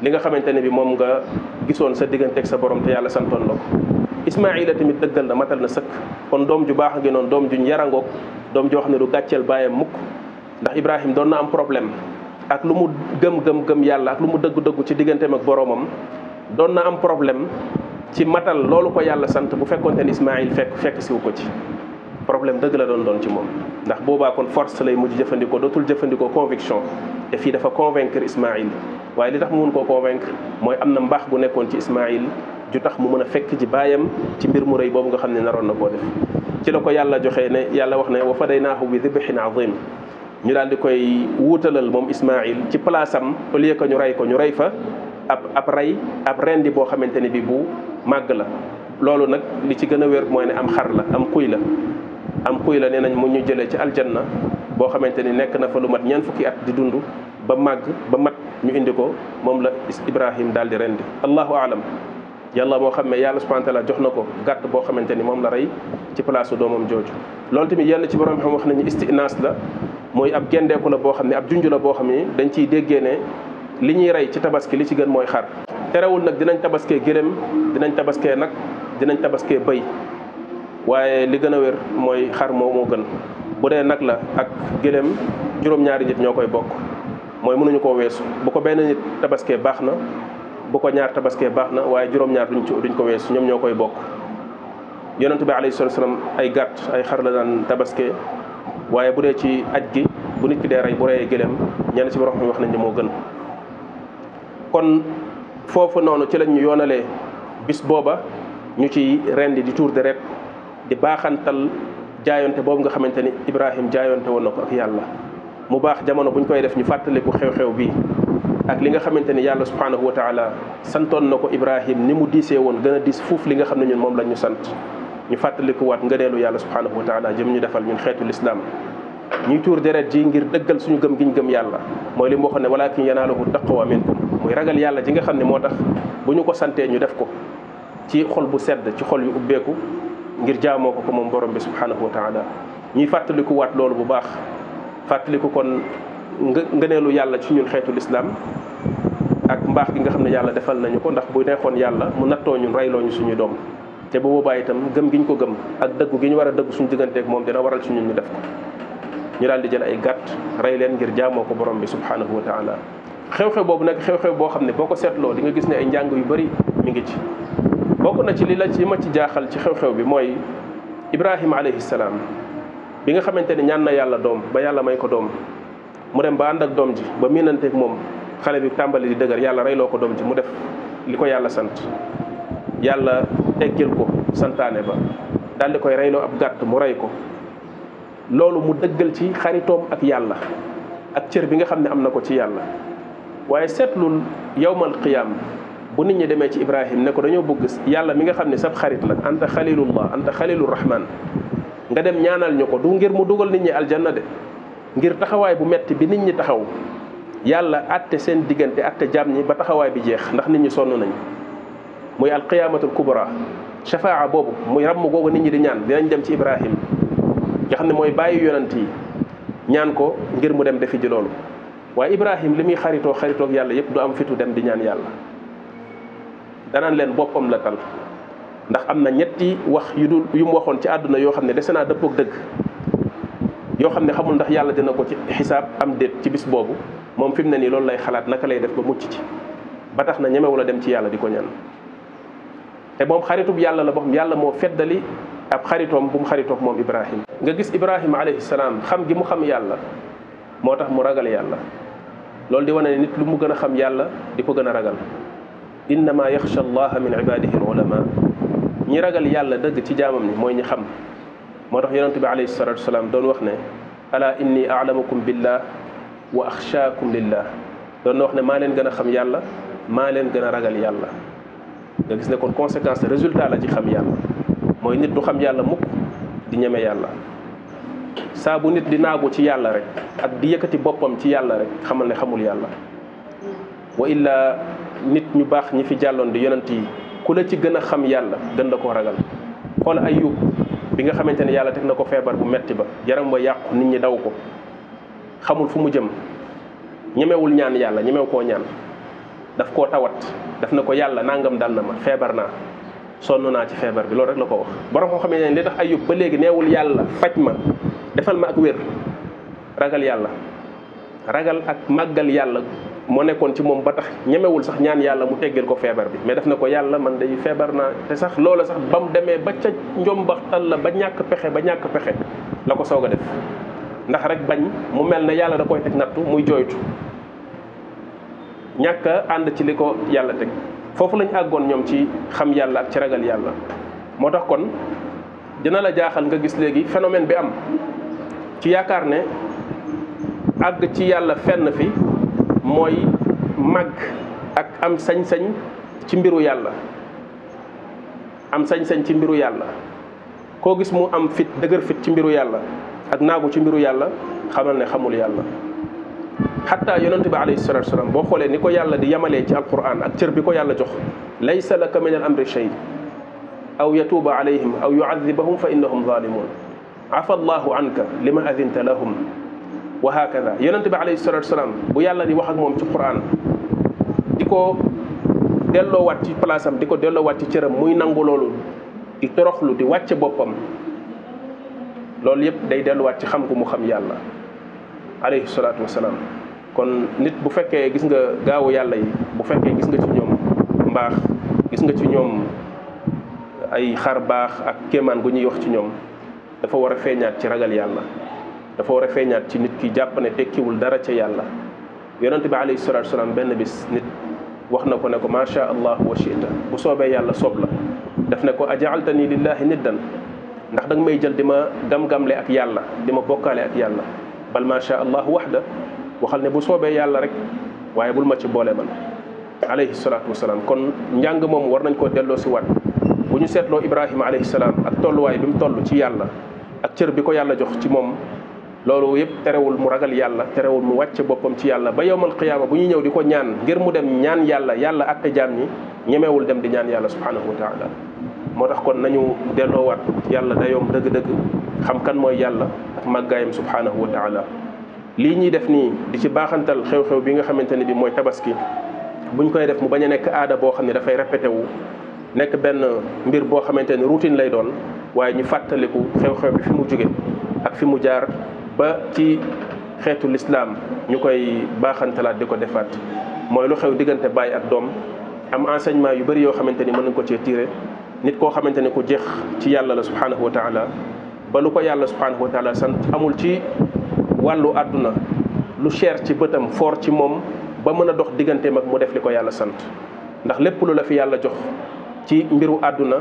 li nga xamante ne bi moom nga gisoon sa digganteeg sa borom te yàlla santoon la ko Ismaila tamit dëggal na matal na sëkk kon doom ju baax ngi noonu doom juñ yarangoog doom joo xam ne du gàcceel bàyyam mukk ndax Ibrahim doon na am problème ak lu mu gëm gëm gëm yàlla ak lu mu dëgg dëggu ci digganteem ak boromam doon na am problème ci matal loolu ko yàlla sant bu fekkonte ni Ismaïl fekk fekk siwu ko ci problème dëgg la doon doon ci moom ndax boobaa kon force lay mujj jëfandikoo dootul jëfandikoo conviction te fii dafa convaincre Ismaïl waaye li tax mu mun koo convaincre mooy am na mbaax gu nekkoon ci Ismaïl ju tax mu mën a fekk ji baayam ci mbir mu rëy boobu nga xam ne naroon na koo def ci la ko yàlla joxe ne yàlla wax ne wa fadaynaahu bi dibhin azim ñu daal di koy wuutalal moom Ismaïl ci place am que ñu rey ko ñu rey fa ab ab rey ab rendi boo xamante ne bi bu màgg la loolu nag li ci gën a wér mooy ne am xar la am kuy la am kuy la nee nañ mu ñu jëlee ci aljanna boo xamante ni nekk na fa lu mat ñeent fukki at di dund ba màgg ba mat ñu indi ko moom la Ibrahim daal di rendi allahu alam yàlla moo xam ne yàlla subhanahu wa taala jox na ko gàtt boo xamante ni moom la rey ci place doomam jooju loolu tamit yenn ci borom xam wax nañu istinaas la mooy ab gendeeku la boo xam ne ab junj la boo xam ne dañ ciy li ñuy rey ci tabaski li ci gën mooy xar terewul nag dinañ tabaskee gëléem dinañ tabaskee nag dinañ tabaskee bëy waaye li gën a wér mooy xar moo gën bu dee nag la ak gëléem juróom-ñaari nit ñoo koy bokk mooy mënuñu koo weesu bu ko benn nit tabaskee baax na bu ko ñaar tabaskee baax na waaye juróom-ñaar duñ ci duñ ko weesu ñoom ñoo koy bokk yonent bi alayhi salaatu salaam ay gàtt ay xar la daan tabaskee waaye bu dee ci aj gi bu nit ki dee rey bu reyee gëléem ñenn ci borom wax nañ ne moo gën kon foofu noonu ci lañ ñu yoonalee bis booba ñu ci rendi di tuur deret di baaxantal jaayonte boobu nga xamante ni Ibrahim jaayonte woon na ko ak yàlla mu baax jamono ñu koy def ñu fàttaliku xew-xew bi ak li nga xamante ni yàlla subhanahu wa taala santoon na ko Ibrahim ni mu diisee woon gën a diis fuuf li nga xam ne ñun moom la ñu sant ñu fàttalikuwaat ngëneelu yàlla subhanahu wa taala jëm ñu defal ñun xeetu lislaam ñuy tuur deret ji ngir dëggal suñu gëm giñ gëm yàlla mooy li mu waxoon ne walaakin yanaaluhu taqwa minkum muy ragal yàlla ji nga xam ne moo tax bu ñu ko santee ñu def ko ci xol bu sedd ci xol yu ubbeeku ngir jaamoo ko ko moom borom bi subhanahu wa taala ñuy fàttaliku waat loolu bu baax fàttaliku kon ngëneelu yàlla ci ñun xeetu lislaam ak mbaax gi nga xam ne yàlla defal nañu ko ndax bu neexoon yàlla mu nattoo ñun reyloo ñu suñu doom te bu boobaa itam gëm gi ñu ko gëm ak dëggu gi ñu war a dëggu suñu digganteeg moom dina waral ci ñun ñu def ko ñu daal di jël ay gàtt rey leen ngir jaamoo ko borom bi subhanahu wa taala xew-xew boobu nag xew-xew boo xam ne boo ko seetloo di nga gis ne ay njàng yu bari mu ngi ci bokk na ci li la ci ma ci jaaxal ci xew-xew bi mooy Ibrahima alayhi bi nga xamante ne ñaan na yàlla doom ba yàlla may ko doom mu dem ba ànd ak doom ji ba miinanteeg moom xale bi tàmbali di dëgër yàlla reyloo ko doom ji mu def li ko yàlla sant yàlla teggil ko santaane ba daal di koy reyloo ab gàtt mu rey ko loolu mu dëggal ci xaritoom ak yàlla ak cër bi nga xam ne am na ko ci yàlla waaye seetlul yawmal qiyaam bu nit ñi demee ci Ibrahim ne ko dañoo bëgg yàlla mi nga xam ne sab xarit la anta xalilullah anta xalilu rahman nga dem ñaanal ñu ko du ngir mu dugal nit ñi aljanna de ngir taxawaay bu metti bi nit ñi taxaw yàlla atte seen diggante atte jàmm ñi ba taxawaay bi jeex ndax nit ñi sonn nañ muy alqiyaamatul kubra shafaa boobu muy ramm googu nit ñi di ñaan dinañ dem ci Ibrahim nga xam ne mooy bàyyi yonant yi ñaan ko ngir mu dem defi ji loolu waaye Ibrahim li muy xaritoo xaritoog yàlla yëpp du am fitu dem di ñaan yàlla danaan leen boppam la tal ndax am na ñetti wax yu dul yu mu waxoon ci àdduna yoo xam ne dese naa dëppoog dëgg yoo xam ne xamul ndax yàlla dina ko ci xisaab am déet ci bis boobu moom fi mu ne nii loolu lay xalaat naka lay def ba mucc ci ba tax na ñemewul a dem ci yàlla di ko ñan te moom xaritub yàlla la boo xam yàlla moo feddali ab xaritoom bu mu xaritoog moom Ibrahim nga gis Ibrahim alayhi xam gi mu xam yàlla moo tax mu ragal yàlla loolu di wane ne nit lu mu gën a xam yàlla di ko gën a ragal innama yaxsha allaha min ibadihi al ulama ñi ragal yàlla dëgg ci jaamam ni mooy ñi xam moo tax yonente bi alayhi salatu wasalaam doon wax ne ala inni alamukum billah wa axshaakum lillah doon na wax ne maa leen gën a xam yàlla maa leen gën a ragal yàlla nga gis ne kon conséquence résultat la ci xam yàlla mooy nit du xam yàlla mukk di ñeme yàlla saabu nit di naagu ci yàlla rek ak di yëkkati boppam ci yàlla rek xamal ne xamul yàlla wa illa nit ñu baax ñi fi jàlloon di yonent yi ku la ci gën a xam yàlla gën la ko ragal xool Ayub bi nga xamante ne yàlla teg na ko feebar bu metti ba yaram ba yàqu nit ñi daw ko xamul fu mu jëm ñemewul ñaan yàlla ñemew koo ñaan daf koo tawat daf na ko yàlla nangam dal na ma feebar naa sonn naa ci feebar bi loolu rek la ko wax borom koo xamante ne li tax defal ma ak wér ragal yàlla ragal ak màggal yàlla moo nekkoon ci moom ba tax ñemewul sax ñaan yàlla mu teggal ko feebar bi mais def na ko yàlla man day feebar naa te sax loola sax ba mu demee ba ca njombaxtal la ba ñàkk pexe ba ñàkk pexe la ko soog a def ndax rek bañ mu mel ne yàlla da koy teg nattu muy jooytu ñàkk ànd ci li ko yàlla teg foofu lañ àggoon ñoom ci xam yàlla ak ci ragal yàlla moo tax kon dina la jaaxal nga gis léegi phénomène bi am ci yaakaar ne àgg ci yàlla fenn fi mooy màgg ak am sañ-sañ ci mbiru yàlla am sañ-sañ ci mbiru yàlla koo gis mu am fit dëgër fit ci mbiru yàlla ak naagu ci mbiru yàlla xamal ne xamul yàlla xatta yonent bi alayhi salatu wasalaam boo xoolee ni ko yàlla di yemalee ci alquran ak cër bi ko yàlla jox laysa laka min al amri shay aw yatuuba alayhim aw yuadibahum fa innahum zalimun afa allahu anka li ma adinta lahum wa hakada yonent bi alayhi salatu wasalaam bu yàlla di wax ak moom ci quran di ko delloowaat ci place di ko delloowaat ci cëram muy nangu loolu di toroxlu di wàcce boppam loolu yëpp day delluwaat ci xam gu mu xam yàlla alayhi salatu wasalaam kon nit bu fekkee gis nga gaawu yàlla yi bu fekkee gis nga ci ñoom mbaax gis nga ci ñoom ay xar baax ak kéemaan gu ñuy wax ci ñoom dafa war a feeñaat ci ragal yàlla dafa war a feeñaat ci nit ki jàpp ne tekkiwul dara ca yàlla yonent bi alayhi salaatu salaam benn bis nit wax na ko ne ko macha allah wa bu soobee yàlla soob la def ne ko ajaalta ni lillahi dan ndax danga may jël di ma gam-gamle ak yàlla di ma bokkaale ak yàlla bal macha allah waxda waxal ne bu soobee yàlla rek waaye bul ma ci boole man alayhi salaatu wasalaam kon njàng moom war nañ koo delloo si waat bu ñu seetloo ibrahima alayhi salaam ak tolluwaay bi mu toll ci yàlla ak cër bi ko yàlla jox ci moom loolu yëpp terewul mu ragal yàlla terewul mu wàcce boppam ci yàlla ba yowmal qiyaama bu ñuy ñëw di ko ñaan ngir mu dem ñaan yàlla yàlla atte jaan ñi ñemewul dem di ñaan yàlla subhanahu wa taala moo tax kon nañu delloowaat yàlla dayoom dëgg-dëgg xam kan mooy yàlla ak màggaayam subhanahu wa taala lii ñuy def nii di ci baaxantal xew-xew bi nga xamante ne bi mooy tabaski buñ koy def mu bañ a nekk aada boo xam ne dafay répété wu nekk benn mbir boo xamante ni routine lay doon waaye ñu fàttaliku xew-xew bi fi mu jóge ak fi mu jaar ba ci xeetu lislaam ñu koy baaxantalaat di ko defaat mooy lu xew diggante bàyyi ak doom am enseignement yu bari yoo xamante ni mën nañ ko cee tiré nit koo xamante ni ku jeex ci yàlla la subhanahu wa taala ba lu ko yàlla subhanahu wa taala sant amul ci wàllu àdduna lu cher ci bëtam foor ci moom ba mën a dox digganteem ak mu def li ko yàlla sant ndax lépp lu la yàlla jox ci mbiru àdduna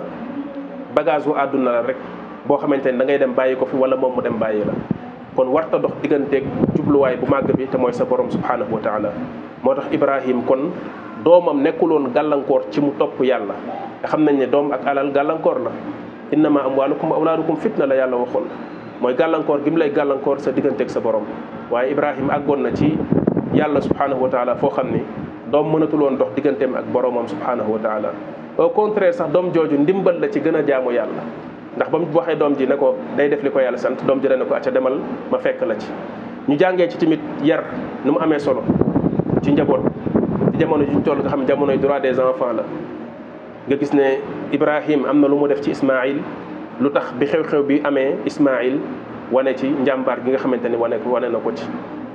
bagage wu àdduna la rek boo xamante ni da dem bàyyi ko fi wala moom mu dem bàyyi la kon warta dox digganteeg jubluwaay bu màgg bi te mooy sa borom subhanahu wa taala moo tax Ibrahim kon doomam nekkuloon gàllankoor ci mu topp yàlla te xam nañ ne doom ak alal gàllankoor la innama amwaalukum awlaadukum fitna la yàlla waxoon mooy gàllankoor gi mu lay gàllankoor sa digganteeg sa borom waaye Ibrahima àggoon na ci yàlla subhanahu wa taala foo xam ni doom mënatuloon dox digganteem ak boromam subhanahu wa taala au contraire sax doom jooju ndimbal la ci gën a jaamu yàlla ndax ba mu waxee doom ji ne ko day def li ko yàlla sant doom ji ne ko acca demal ma fekk la ci ñu jàngee ci tamit yar nu mu amee solo ci njaboot jamono ji ñu toll nga xam ne jamonoy droit la nga gis ne Ibrahim am na lu mu def ci Ismaïl lu tax bi xew-xew bi amee Ismaïl wane ci njàmbaar gi nga xamante ni wane wane na ko ci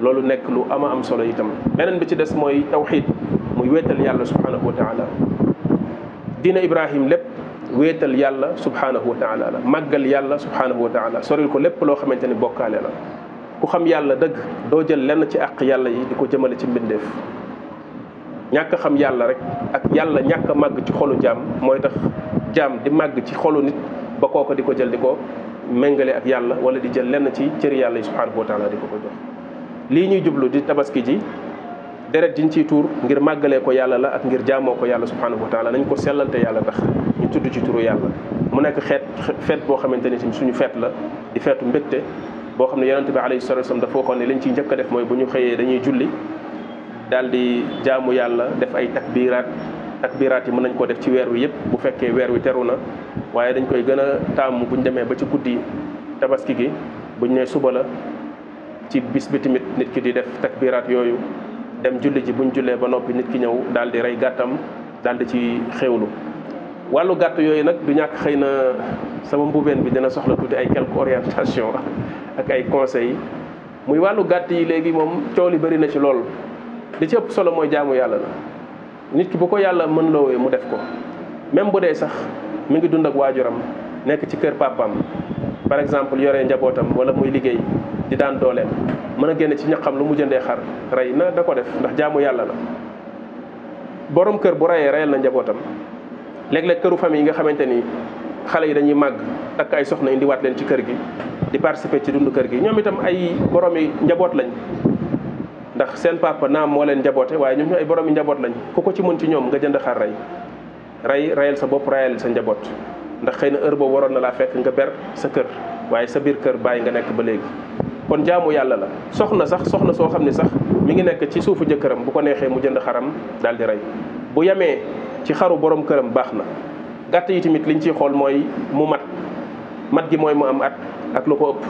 loolu nekk lu ama am solo itam beneen bi ci des mooy tawxiid muy wéetal yàlla subhanahu wa taala diina Ibrahim lépp wéetal yàlla subhaanahu wa taala la màggal yàlla subhaanahu wa taala soril ko lépp loo xamante ni bokkaale la ku xam yàlla dëgg doo jël lenn ci àq yàlla yi di ko jëmale ci mbindeef ñàkk xam yàlla rek ak yàlla ñàkk màgg ci xolu jaam mooy tax jaam di màgg ci xolu nit ba kooko di ko jël di ko méngale ak yàlla wala di jël lenn ci cëri yàlla yi subhaanahu wa di ko ko jox lii ñuy jublu di tabaski ji deret jiñ ci tuur ngir màggalee ko yàlla la ak ngir jaamoo ko yàlla subhanahu wa taala nañ ko sellal te yàlla tax ñu tudd ci turu yàlla mu nekk xeet feet boo xamante ni suñu feet la di feetu mbégte boo xam ne yonente bi alayhi salatu wasallam dafa waxoon ne liñ ciy njëkk a def mooy bu ñu xëyee dañuy julli daal di jaamu yàlla def ay takbiraat takbiraat yi mën nañ ko def ci weer wi yëpp bu fekkee weer wi teru na waaye dañ koy gën a taamu bu demee ba ci guddi tabaski gi bu ñu nee suba la ci bis bi tamit nit ki di def takbiraat yooyu dem julli ji bu ñu jullee ba noppi nit ki ñëw daal di rey gàttam daal ci xewlu wàllu gàtt yooyu nag du ñàkk xëy na sama mbubeen bi dina soxla tuuti ay quelques orientation [laughs] ak ay conseils muy wàllu gàtt yi léegi moom coow li bëri na ci lool li ci ëpp solo mooy jaamu yàlla la nit ki bu ko yàlla mën loo loowee mu def ko même bu dee sax mu ngi dund ak waajuram nekk ci kër papaam par exemple yore njabootam wala muy liggéey di daan dooleem mën a génne ci ñaqam lu mu jëndee xar rey na da ko def ndax jaamu yàlla la borom kër bu rayee rayal na njabootam léeg-léeg këru famille yi nga xamante ni xale yi dañuy màgg takk ay soxna indiwaat leen ci kër gi di participer ci dund kër gi ñoom itam ay borom yi njaboot lañ ndax seen papa naam moo leen njaboote waaye ñoom ñu ay borom yi njaboot lañ ku ko ci mën ci ñoom nga jënd xar rey rey rayal sa bopp rayal sa njaboot ndax xëy na heure boobu waroon na laa fekk nga ber sa kër waaye sa biir kër bàyyi nga nekk ba léegi kon jaamu yàlla la soxna sax soxna soo xam ne sax mi ngi nekk ci suufu jëkkëram bu ko neexee mu jënd xaram daal di rey bu yemee ci xaru borom këram baax na gàtt yi tamit liñ ciy xool mooy mu mat mat gi mooy mu am at ak lu ko ëpp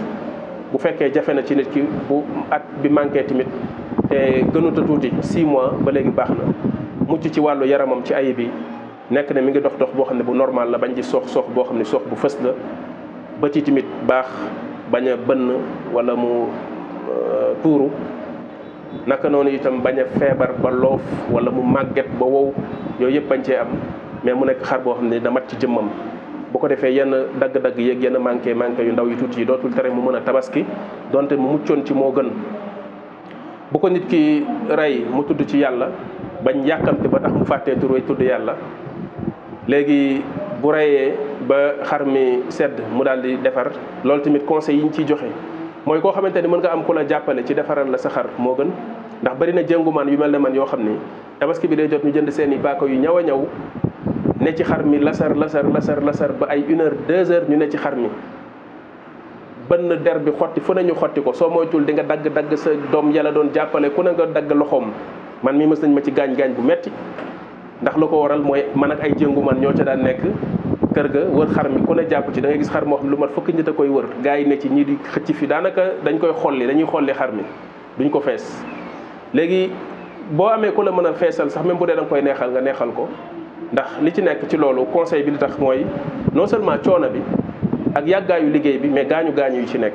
bu fekkee jafe na ci nit ki bu at bi manqué tamit te gënuta tuuti 6 mois ba léegi baax na mucc ci wàllu yaramam ci ayib bi nekk ne mi ngi dox dox boo xam ne bu normal la bañ di soox soox boo xam ne soox bu fës la ba ci tamit baax bañ a bënn wala mu euh, tuuru naka noonu itam bañ a feebar ba loof wala mu màgget ba wow yooyu yëpp bañ cee am mais mu nekk xar boo xam ne da mat ci jëmmam bu ko defee yenn dagg-dagg yeeg yenn manqué manqué yu ndaw yu tuuti yi dootul tere mu mën a tabaski donte mu muccoon ci moo gën bu ko nit ki rey mu tudd ci yàlla bañ yàkkamte ba tax mu fàttee tur way tudd yàlla léegi bu reyee ba xar mi sedd mu daal di defar loolu tamit conseil yi ñu ciy joxe mooy koo xamante ni mën nga am ku la jàppale ci defaral la sa xar moo gën ndax bari na jëngumaan yu mel ne man yoo xam ni tabaski bi day jot ñu jënd seen baako yu ñaw a ñaw ne ci xar mi lasar lasar lasar lasar ba ay une heure deux ñu ne ci xar mi bënn der bi xotti fu nañu xotti soo moytul di nga dagg dagg sa doom yàlla doon jàppale ku ne nga dagg loxoom man mi mës nañ ma ci gaañ gaañ bu metti ndax lu ko waral mooy man ak ay jëngumaan ñoo ca daan nekk kër ga wër xar mi ku ne jàpp ci da ngay gis xar moo xam lu mat fukki nit a koy wër gars yi ne ci ñii di xëcc fi daanaka dañ koy xolli dañuy xolli xar mi duñ ko fees léegi boo amee ku la mën a feesal sax même bu dee da koy neexal nga neexal ko ndax li ci nekk ci loolu conseil bi li tax mooy non seulement coono bi ak yàggaayu liggéey bi mais gaañu gaañu yu ci nekk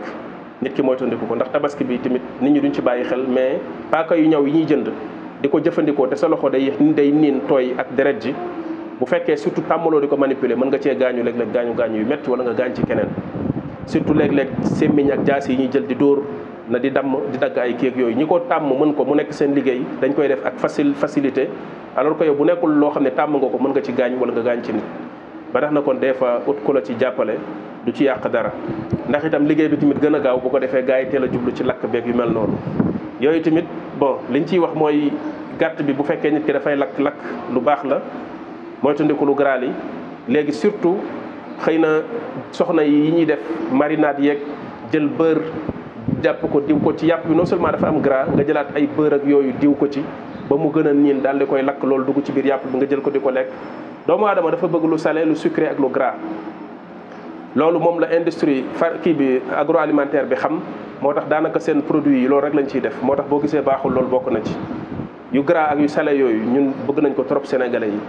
nit ki moytandiku ko ndax tabaski bi tamit nit ñi duñ ci bàyyi xel mais paaka yu ñaw yi jënd di ko jëfandikoo te sa loxo day day niin tooy ak deret ji bu fekkee surtout tàmmaloo di ko manipuler mën nga cee gaañu léeg-léeg gaañu gaañu yu métti wala nga gaañ ci keneen surtout léeg-léeg ak jaas yi ñuy jël di dóor na di damm di dagg ay kéeg yooyu ñi ko tàmm mën ko mu nekk seen liggéey dañ koy def ak facile facilité alors ko yow bu nekkul loo xam ne tàmm nga ko mën nga ci gaañ wala nga gaañ ci nit ba tax na kon des fois ut ku la ci jàppale du ci yàq dara ndax itam liggéey bi tamit gën a gaaw bu ko defee gars yi teel a jublu ci lakk beeg yu mel noonu yooyu tamit bon liñ ciy wax mooy gàtt bi bu fekkee nit ki dafay lakk lakk lu baax la moytandiku lu garaal yi léegi surtout xëy na soxna yi ñuy def marinade yeeg jël beurre jàpp ko diw ko ci yàpp bi non seulement dafa am gras nga jëlaat ay beurre ak yooyu diw ko ci ba mu gën a niin daal di koy lakk loolu dugg ci biir yàpp bi nga jël ko di ko lekk doomu aadama dafa bëgg lu salé lu sucré ak lu gras loolu moom la industrie far kii bi agroalimentaire bi xam moo tax daanaka seen produit yi loolu rek lañ ciy def moo tax boo gisee baaxul loolu bokk na ci yu gras ak yu sale yooyu ñun bëgg nañ ko trop sénégalais yi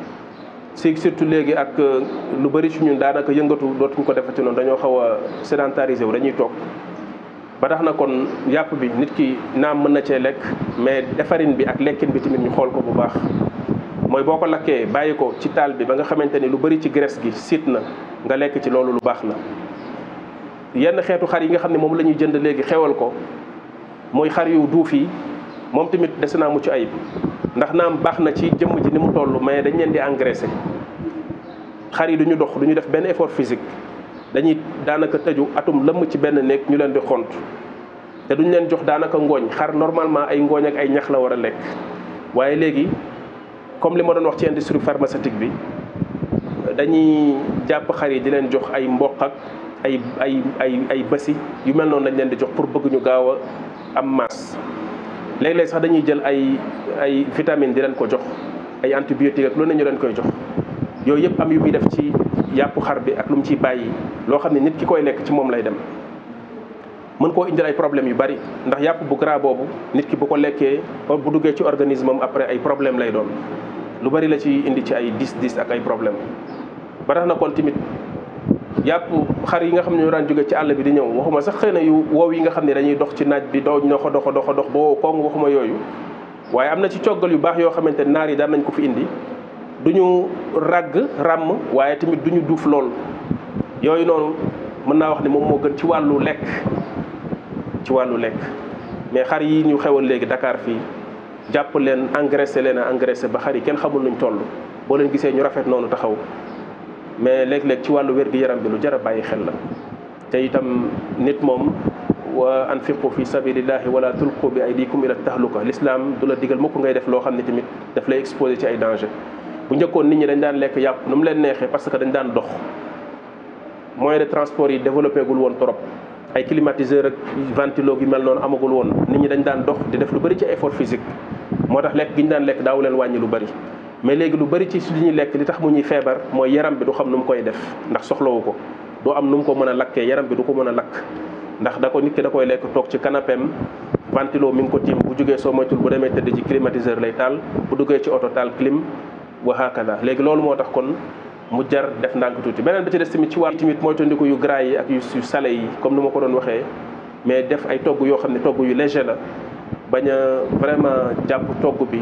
si surtout léegi ak euh, lu bari ci ñun daanaka yëngatu dootuñ ko defati noonu dañoo xaw a sédentarisé wu dañuy toog ba tax na kon yàpp bi nit ki naam mën na cee lekk mais defarin bi ak lekkin bi tamit ñu xool ko bu baax mooy boo ko lakkee bàyyi ko ci taal bi ba nga xamante ni lu bari ci graisse gi siit na nga lekk ci loolu lu baax la yenn xeetu xar yi nga xam ne moom lañuy jënd léegi xewal ko mooy xar yu duuf yi moom tamit dese naa mucc ayib ndax naam baax na ci jëmm ji ni mu toll mais dañ leen di engraissé xar yi du ñu dox du def benn effort physique dañuy daanaka tëju atum lëmm ci benn néeg ñu leen di xont te duñ leen jox daanaka ngooñ xar normalement ay ngooñ ak ay ñax la war a lekk waaye léegi comme li ma doon wax ci industrie pharmaceutique bi dañuy jàpp xar yi di leen jox ay mboq ak ay ay ay ay bësi yu mel noonu lañ leen di jox pour bëgg ñu gaaw a am masse léeg-léeg sax dañuy jël ay ay vitamine di leen ko jox ay antibiotique ak lu ne ñu leen koy jox yooyu yëpp am yu muy def ci yàpp xar bi ak lu mu ciy bàyyi loo xam ne nit ki koy lekk ci moom lay dem mën koo indil ay problème yu bari ndax yàpp bu gras boobu nit ki bu ko lekkee bu duggee ci organisme am après ay problème lay doon lu bari la ci indi ci ay dis dis ak ay problème ba tax na kon jàpp xar yi nga xam ne ñoo daan jóge ci àll bi di ñëw waxuma sax xëy na yu wow yi nga xam ne dañuy dox ci naaj bi doo doxa doxa doxa dox ba wow koŋ waxuma yooyu waaye am na ci coggal yu baax yoo xamante naar yi daan nañ ko fi indi du ñu ràgg ràmm waaye tamit du ñu duuf lool yooyu noonu mën naa wax ne moom moo gën ci wàllu lekk ci wàllu lekk mais xar yi ñu xewal léegi dakaar fii jàpp leen engraissé leen a engraissé ba xar yi kenn xamul nuñ toll boo leen gisee ñu rafet noonu taxaw mais léeg-léeg ci wàllu wér-gu-yaram bi lu jar bàyyi xel la te itam nit moom wa anfiqu fi sabilillahi wala tulqu bi aydikum ila tahluka l'islam du la digal mukk ngay def loo xam ne tamit daf lay exposé ci ay danger bu njëkkoon nit ñi dañ daan lekk yàpp nu mu leen neexee parce que dañ daan dox moyen de transport yi développé gul woon trop ay climatiseur ak ventilo gi mel noonu amagul woon nit ñi dañ daan dox di def lu bëri ci effort physique moo tax lekk gi daan lekk daawu leen wàññi lu bëri mais léegi lu bari ci su li ñuy lekk li tax mu ñuy feebar mooy yaram bi du xam nu mu koy def ndax soxlawu ko doo am nu mu ko mën a lakkee yaram bi du ko mën a lakk ndax da ko nit ki da koy lekk toog ci canapem ventilo mi ngi ko tiim bu jógee soo moytul bu demee tëdd ci climatiseur lay taal bu duggee ci oto taal clim wa hakada léegi loolu moo tax kon mu jar def ndànk tuuti beneen bi ci des tamit ci wàllu tamit mooy tondiku yu gras yi ak yu sale yi comme ni ma ko doon waxee mais def ay togg yoo xam ne togg yu léger la bañ a vraiment jàpp togg bi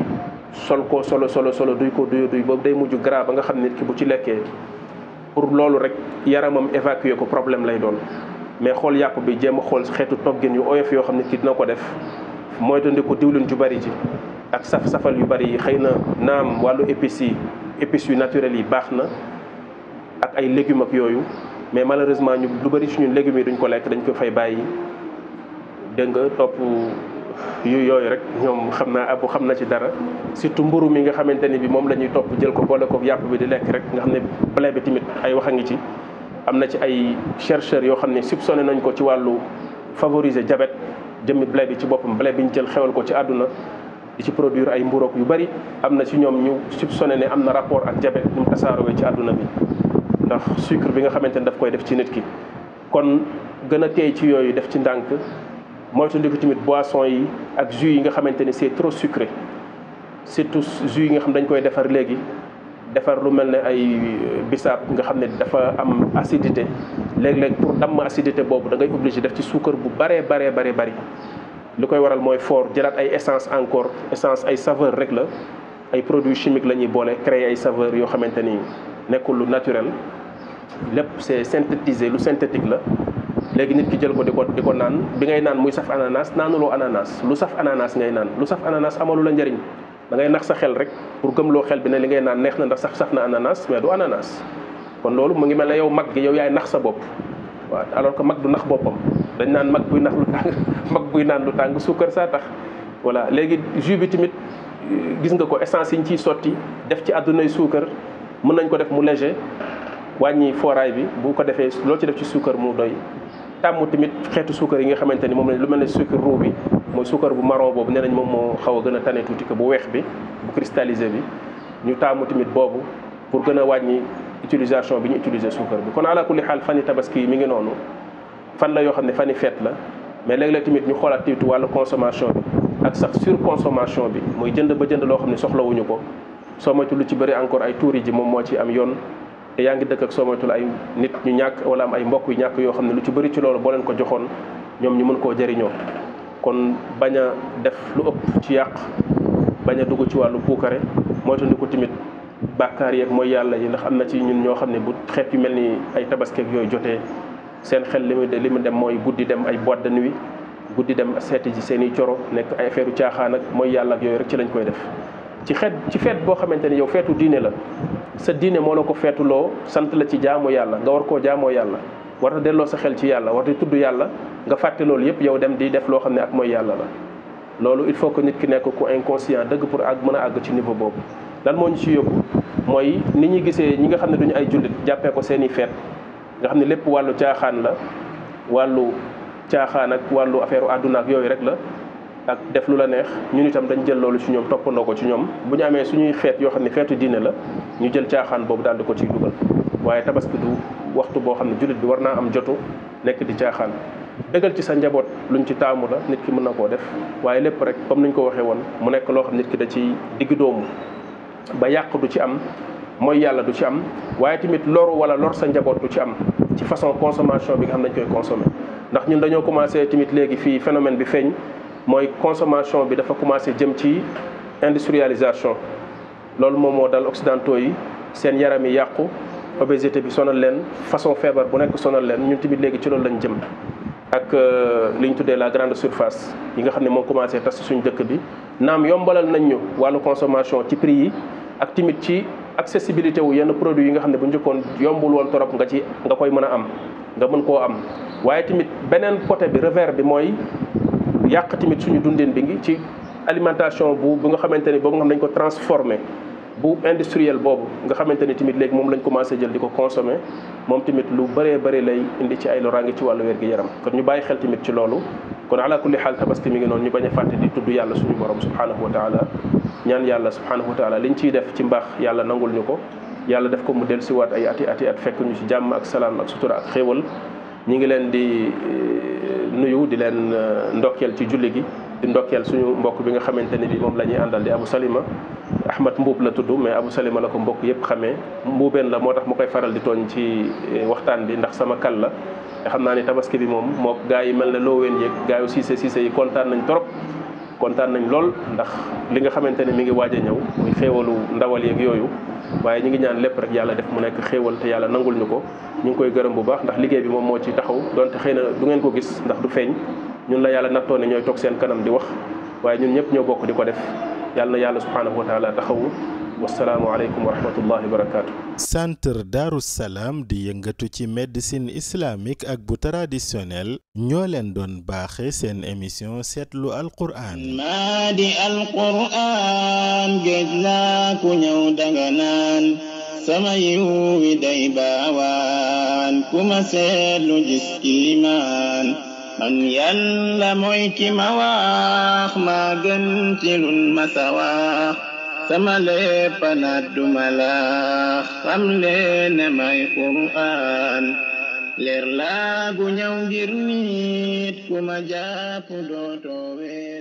sol ko solo solo solo duy ko duy duy boobu day mujj gras ba nga xam nit ki bu ci lekkee pour loolu rek yaramam évacuer ko problème lay doon mais xool yàpp bi jéem a xool xeetu toggin yu oyof yoo xam nit ki dina ko def mooy dondi ko diwlin ju bari ji ak saf-safal yu bari yi xëy na naam wàllu épices yi épices yu naturelles yi baax na ak ay légumes ak yooyu mais malheureusement ñu lu bari suñu légumes yi duñ ko lekk dañ ko fay bàyyi dégg nga topp yu yooyu rek ñoom xam naa abu xam na ci dara surtout mburu mi nga xamante ni bi moom la ñuy topp jël ko boole ko yàpp bi di lekk rek nga xam ne blé bi tamit ay wax a ngi ci am na ci ay chercheurs yoo xam ne soupçonné nañ ko ci wàllu favoriser diabète jëmmi blé bi ci boppam blé bi ñu jël xewal ko ci àdduna di ci ay mburoog yu bari am na ci ñoom ñu soupçonné ne am na rapport ak diabète ñu mu tasaarowee ci àdduna bi ndax sucre bi nga xamante ne daf koy def ci nit ki kon gën a teey ci yooyu def ci ndànk mooy su moytandiku tamit boisson yi ak jus yi nga xamante ni c'est trop sucré surtout jus yi nga xam dañ koy defar léegi defar lu mel ne ay euh, bisaab nga xam ne dafa am acidité léeg-léeg pour damm acidité boobu da ngay obligé def ci suukar bu baree baree baree bari lu koy waral mooy foor jëlaat ay essence encore essence ay saveur rek la ay produits chimiques la ñuy boole créer ay saveur yoo xamante ni nekkul lu naturel lépp c'est synthétisé lu synthétique la léegi nit ki jël ko di ko di naan bi ngay naan muy saf ananas naanuloo ananas lu saf ananas ngay naan lu saf ananas amalu la njëriñ da nax sa xel rek pour gëmloo xel bi ne li ngay naan neex na ndax saf saf na ananas mais du ananas kon loolu mu ngi mel ne yow mag gi yow yaay nax sa bopp waaw alors que mag du nax boppam dañ naan mag buy nax lu tàng [laughs] mag buy naan lu tàng suukar saa tax voilà léegi jus bi tamit gis nga ko essence yi ñu ciy sotti def ci àddunay suukar mën nañ ko def mu léger wàññi fooraay bi bu ko defee loo ci def ci suukar mu doy tàmm tamit xeetu suukar yi nga xamante ni moom lañ lu mel na suukar roux bi mooy suukar bu marron boobu nee nañ moom moo xaw a gën a tane tuuti ko bu weex bi bu cristallisé bi ñu tàmm tamit boobu pour gën a wàññi utilisation bi ñu utiliser suukar bi kon ala kulli xaal fan yi tabaski yi mi ngi noonu fan la yoo xam ne fan yi fête la mais léeg-léeg tamit ñu xoolaat tuuti wàllu consommation bi ak sax surconsommation bi mooy jënd ba jënd loo xam ne soxlawuñu ko soo moytu lu ci bëri encore ay tuuri ji moom moo ci am yoon te yaa ngi dëkk ak soo moytul ay nit ñu ñàkk wala am ay mbokk yu ñàkk yoo xam ne lu ci bëri ci loolu boo leen ko joxoon ñoom ñu mën koo jariñoo kon bañ a def lu ëpp ci yàq bañ a dugg ci wàllu puukare moytandiku tamit bàkkaar yeeg mooy yàlla yi ndax am na ci ñun ñoo xam ne bu xeet yu mel ni ay tabaskeek yooyu jotee seen xel li mu li mu dem mooy guddi dem ay boîte de nuit guddi dem seeti ci seen i coro nekk ay affaire caaxaan ak mooy yàlla ak yooyu rek ci lañ koy def ci xeet ci feet boo xamante ni yow feetu diine la sa diine moo la ko feetuloo sant la ci jaamu yàlla nga war koo jaamoo yàlla war a delloo sa xel ci yàlla war di tudd yàlla nga fàtte loolu yëpp yow dem di def loo xam ne ak mooy yàlla la loolu il faut que nit ki nekk ku inconscient dëgg pour àgg mën a àgg ci niveau boobu lan moo ñu ci yóbbu mooy ni ñuy gisee ñi nga xam ne duñu ay jullit jàppee ko seen i feet nga xam ne lépp wàllu caaxaan la wàllu caaxaan wàllu affaire àdduna ak yooyu rek la ak def lu la neex ñun itam dañ jël loolu ci ñoom toppandoo ko ci ñoom bu ñu amee suñuy feet yoo xam ne feetu diine la ñu jël caaxaan boobu daal di ko ciy dugal waaye tabaski du waxtu boo xam ne jullit bi war naa am jotu nekk di caaxaan dëggal ci sa njaboot luñ ci taamu la nit ki mën na koo def waaye lépp rek comme niñ ko waxee woon mu nekk loo xam nit ki da ci digg doomu ba yàq du ci am mooy yàlla du ci am waaye tamit loru wala lor sa njaboot du ci am ci façon consommation bi xam nañ koy consommer ndax ñun léegi fii phénomène bi feeñ mooy consommation bi dafa commencé jëm ci industrialisation loolu moom moo dal occidentaux yi seen yaram yi yàqu obésité bi sonal leen façon feebar bu nekk sonal leen ñu tamit léegi ci loolu lañ jëm ak euh, li ñu tuddee la grande surface yi nga xam ne moo commencé tas suñu dëkk bi naam yombalal nañ ñu wàllu consommation ci prix yi ak tamit ci accessibilité wu yenn produits yi nga xam ne bu njëkkoon yombul woon torop nga ci nga koy mën a am nga mën koo am waaye tamit beneen côté bi bi mooy yàq tamit suñu dundin bi ngi ci alimentation bu bu nga xamante ni boobu nga xam dañ ko transformé bu industriel boobu nga xamante ni tamit léegi moom lañ commencé jël di ko consommé moom tamit lu bare bëri lay indi ci ay loraange ci wàll wér-gi-yaram kon ñu bàyyi xel tamit ci loolu kon ala kulli xaal tabaski mi ngi noonu ñu bañ a fàtte di tudd yàlla suñu borom subhanahu wa taala ñaan yàlla subhanahu wa taala liñ ciy def ci mbaax yàlla nangul ñ ko yàlla ko mu dellusiwaat ay ati ati at fekk ñu ci jàmm ak salaam ak sutura ak xéewal ñi ngi leen di nuyu di leen euh, ndokkeel ci julli gi di ndokkeel suñu mbokk bi nga xamante ne bi moom la ñuy àndal di Abou Salima Ahmad Mbuub la tudd mais Abou Salima la ko mbokk yëpp xamee mbuubeen la moo tax mu koy faral di tooñ ci euh, waxtaan bi ndax sama kal la nga xam naa ne tabaski bi moom moo gaa yi mel ne loo ween yëg gaa yu siise siise yi kontaan nañ trop kontaan nañ lool ndax li nga xamante ne mi ngi waaj a ñëw muy xéewalu ndawal yeeg yooyu waaye ñu ngi ñaan lépp rek yàlla def mu nekk xéewal te yàlla nangul ñu ko ñu ngi koy gërëm bu baax ndax liggéey bi moom moo ci taxaw donte xëy na du ngeen ko gis ndax du feeñ ñun na yàlla nattoo ne ñooy toog seen kanam di wax waaye ñun ñëpp ñoo bokk di ko def yàlla na yàlla subhanahu wa taala taxawu wasalaamualeykum wa di yëngatu ci médecine islamique ak bu traditionnel ñoo leen doon baaxe seen émission seetlu alqur'an. maa di alqur'an géej naa ku ñëw danga sama yiw day baawaan ku ma seetlu gis man yàlla mooy ki ma waax ma sa sama lépp nadduma la xam leen ne may Qur'aan leer laa gu ñëw ngir ku ma jàpp dootoo wee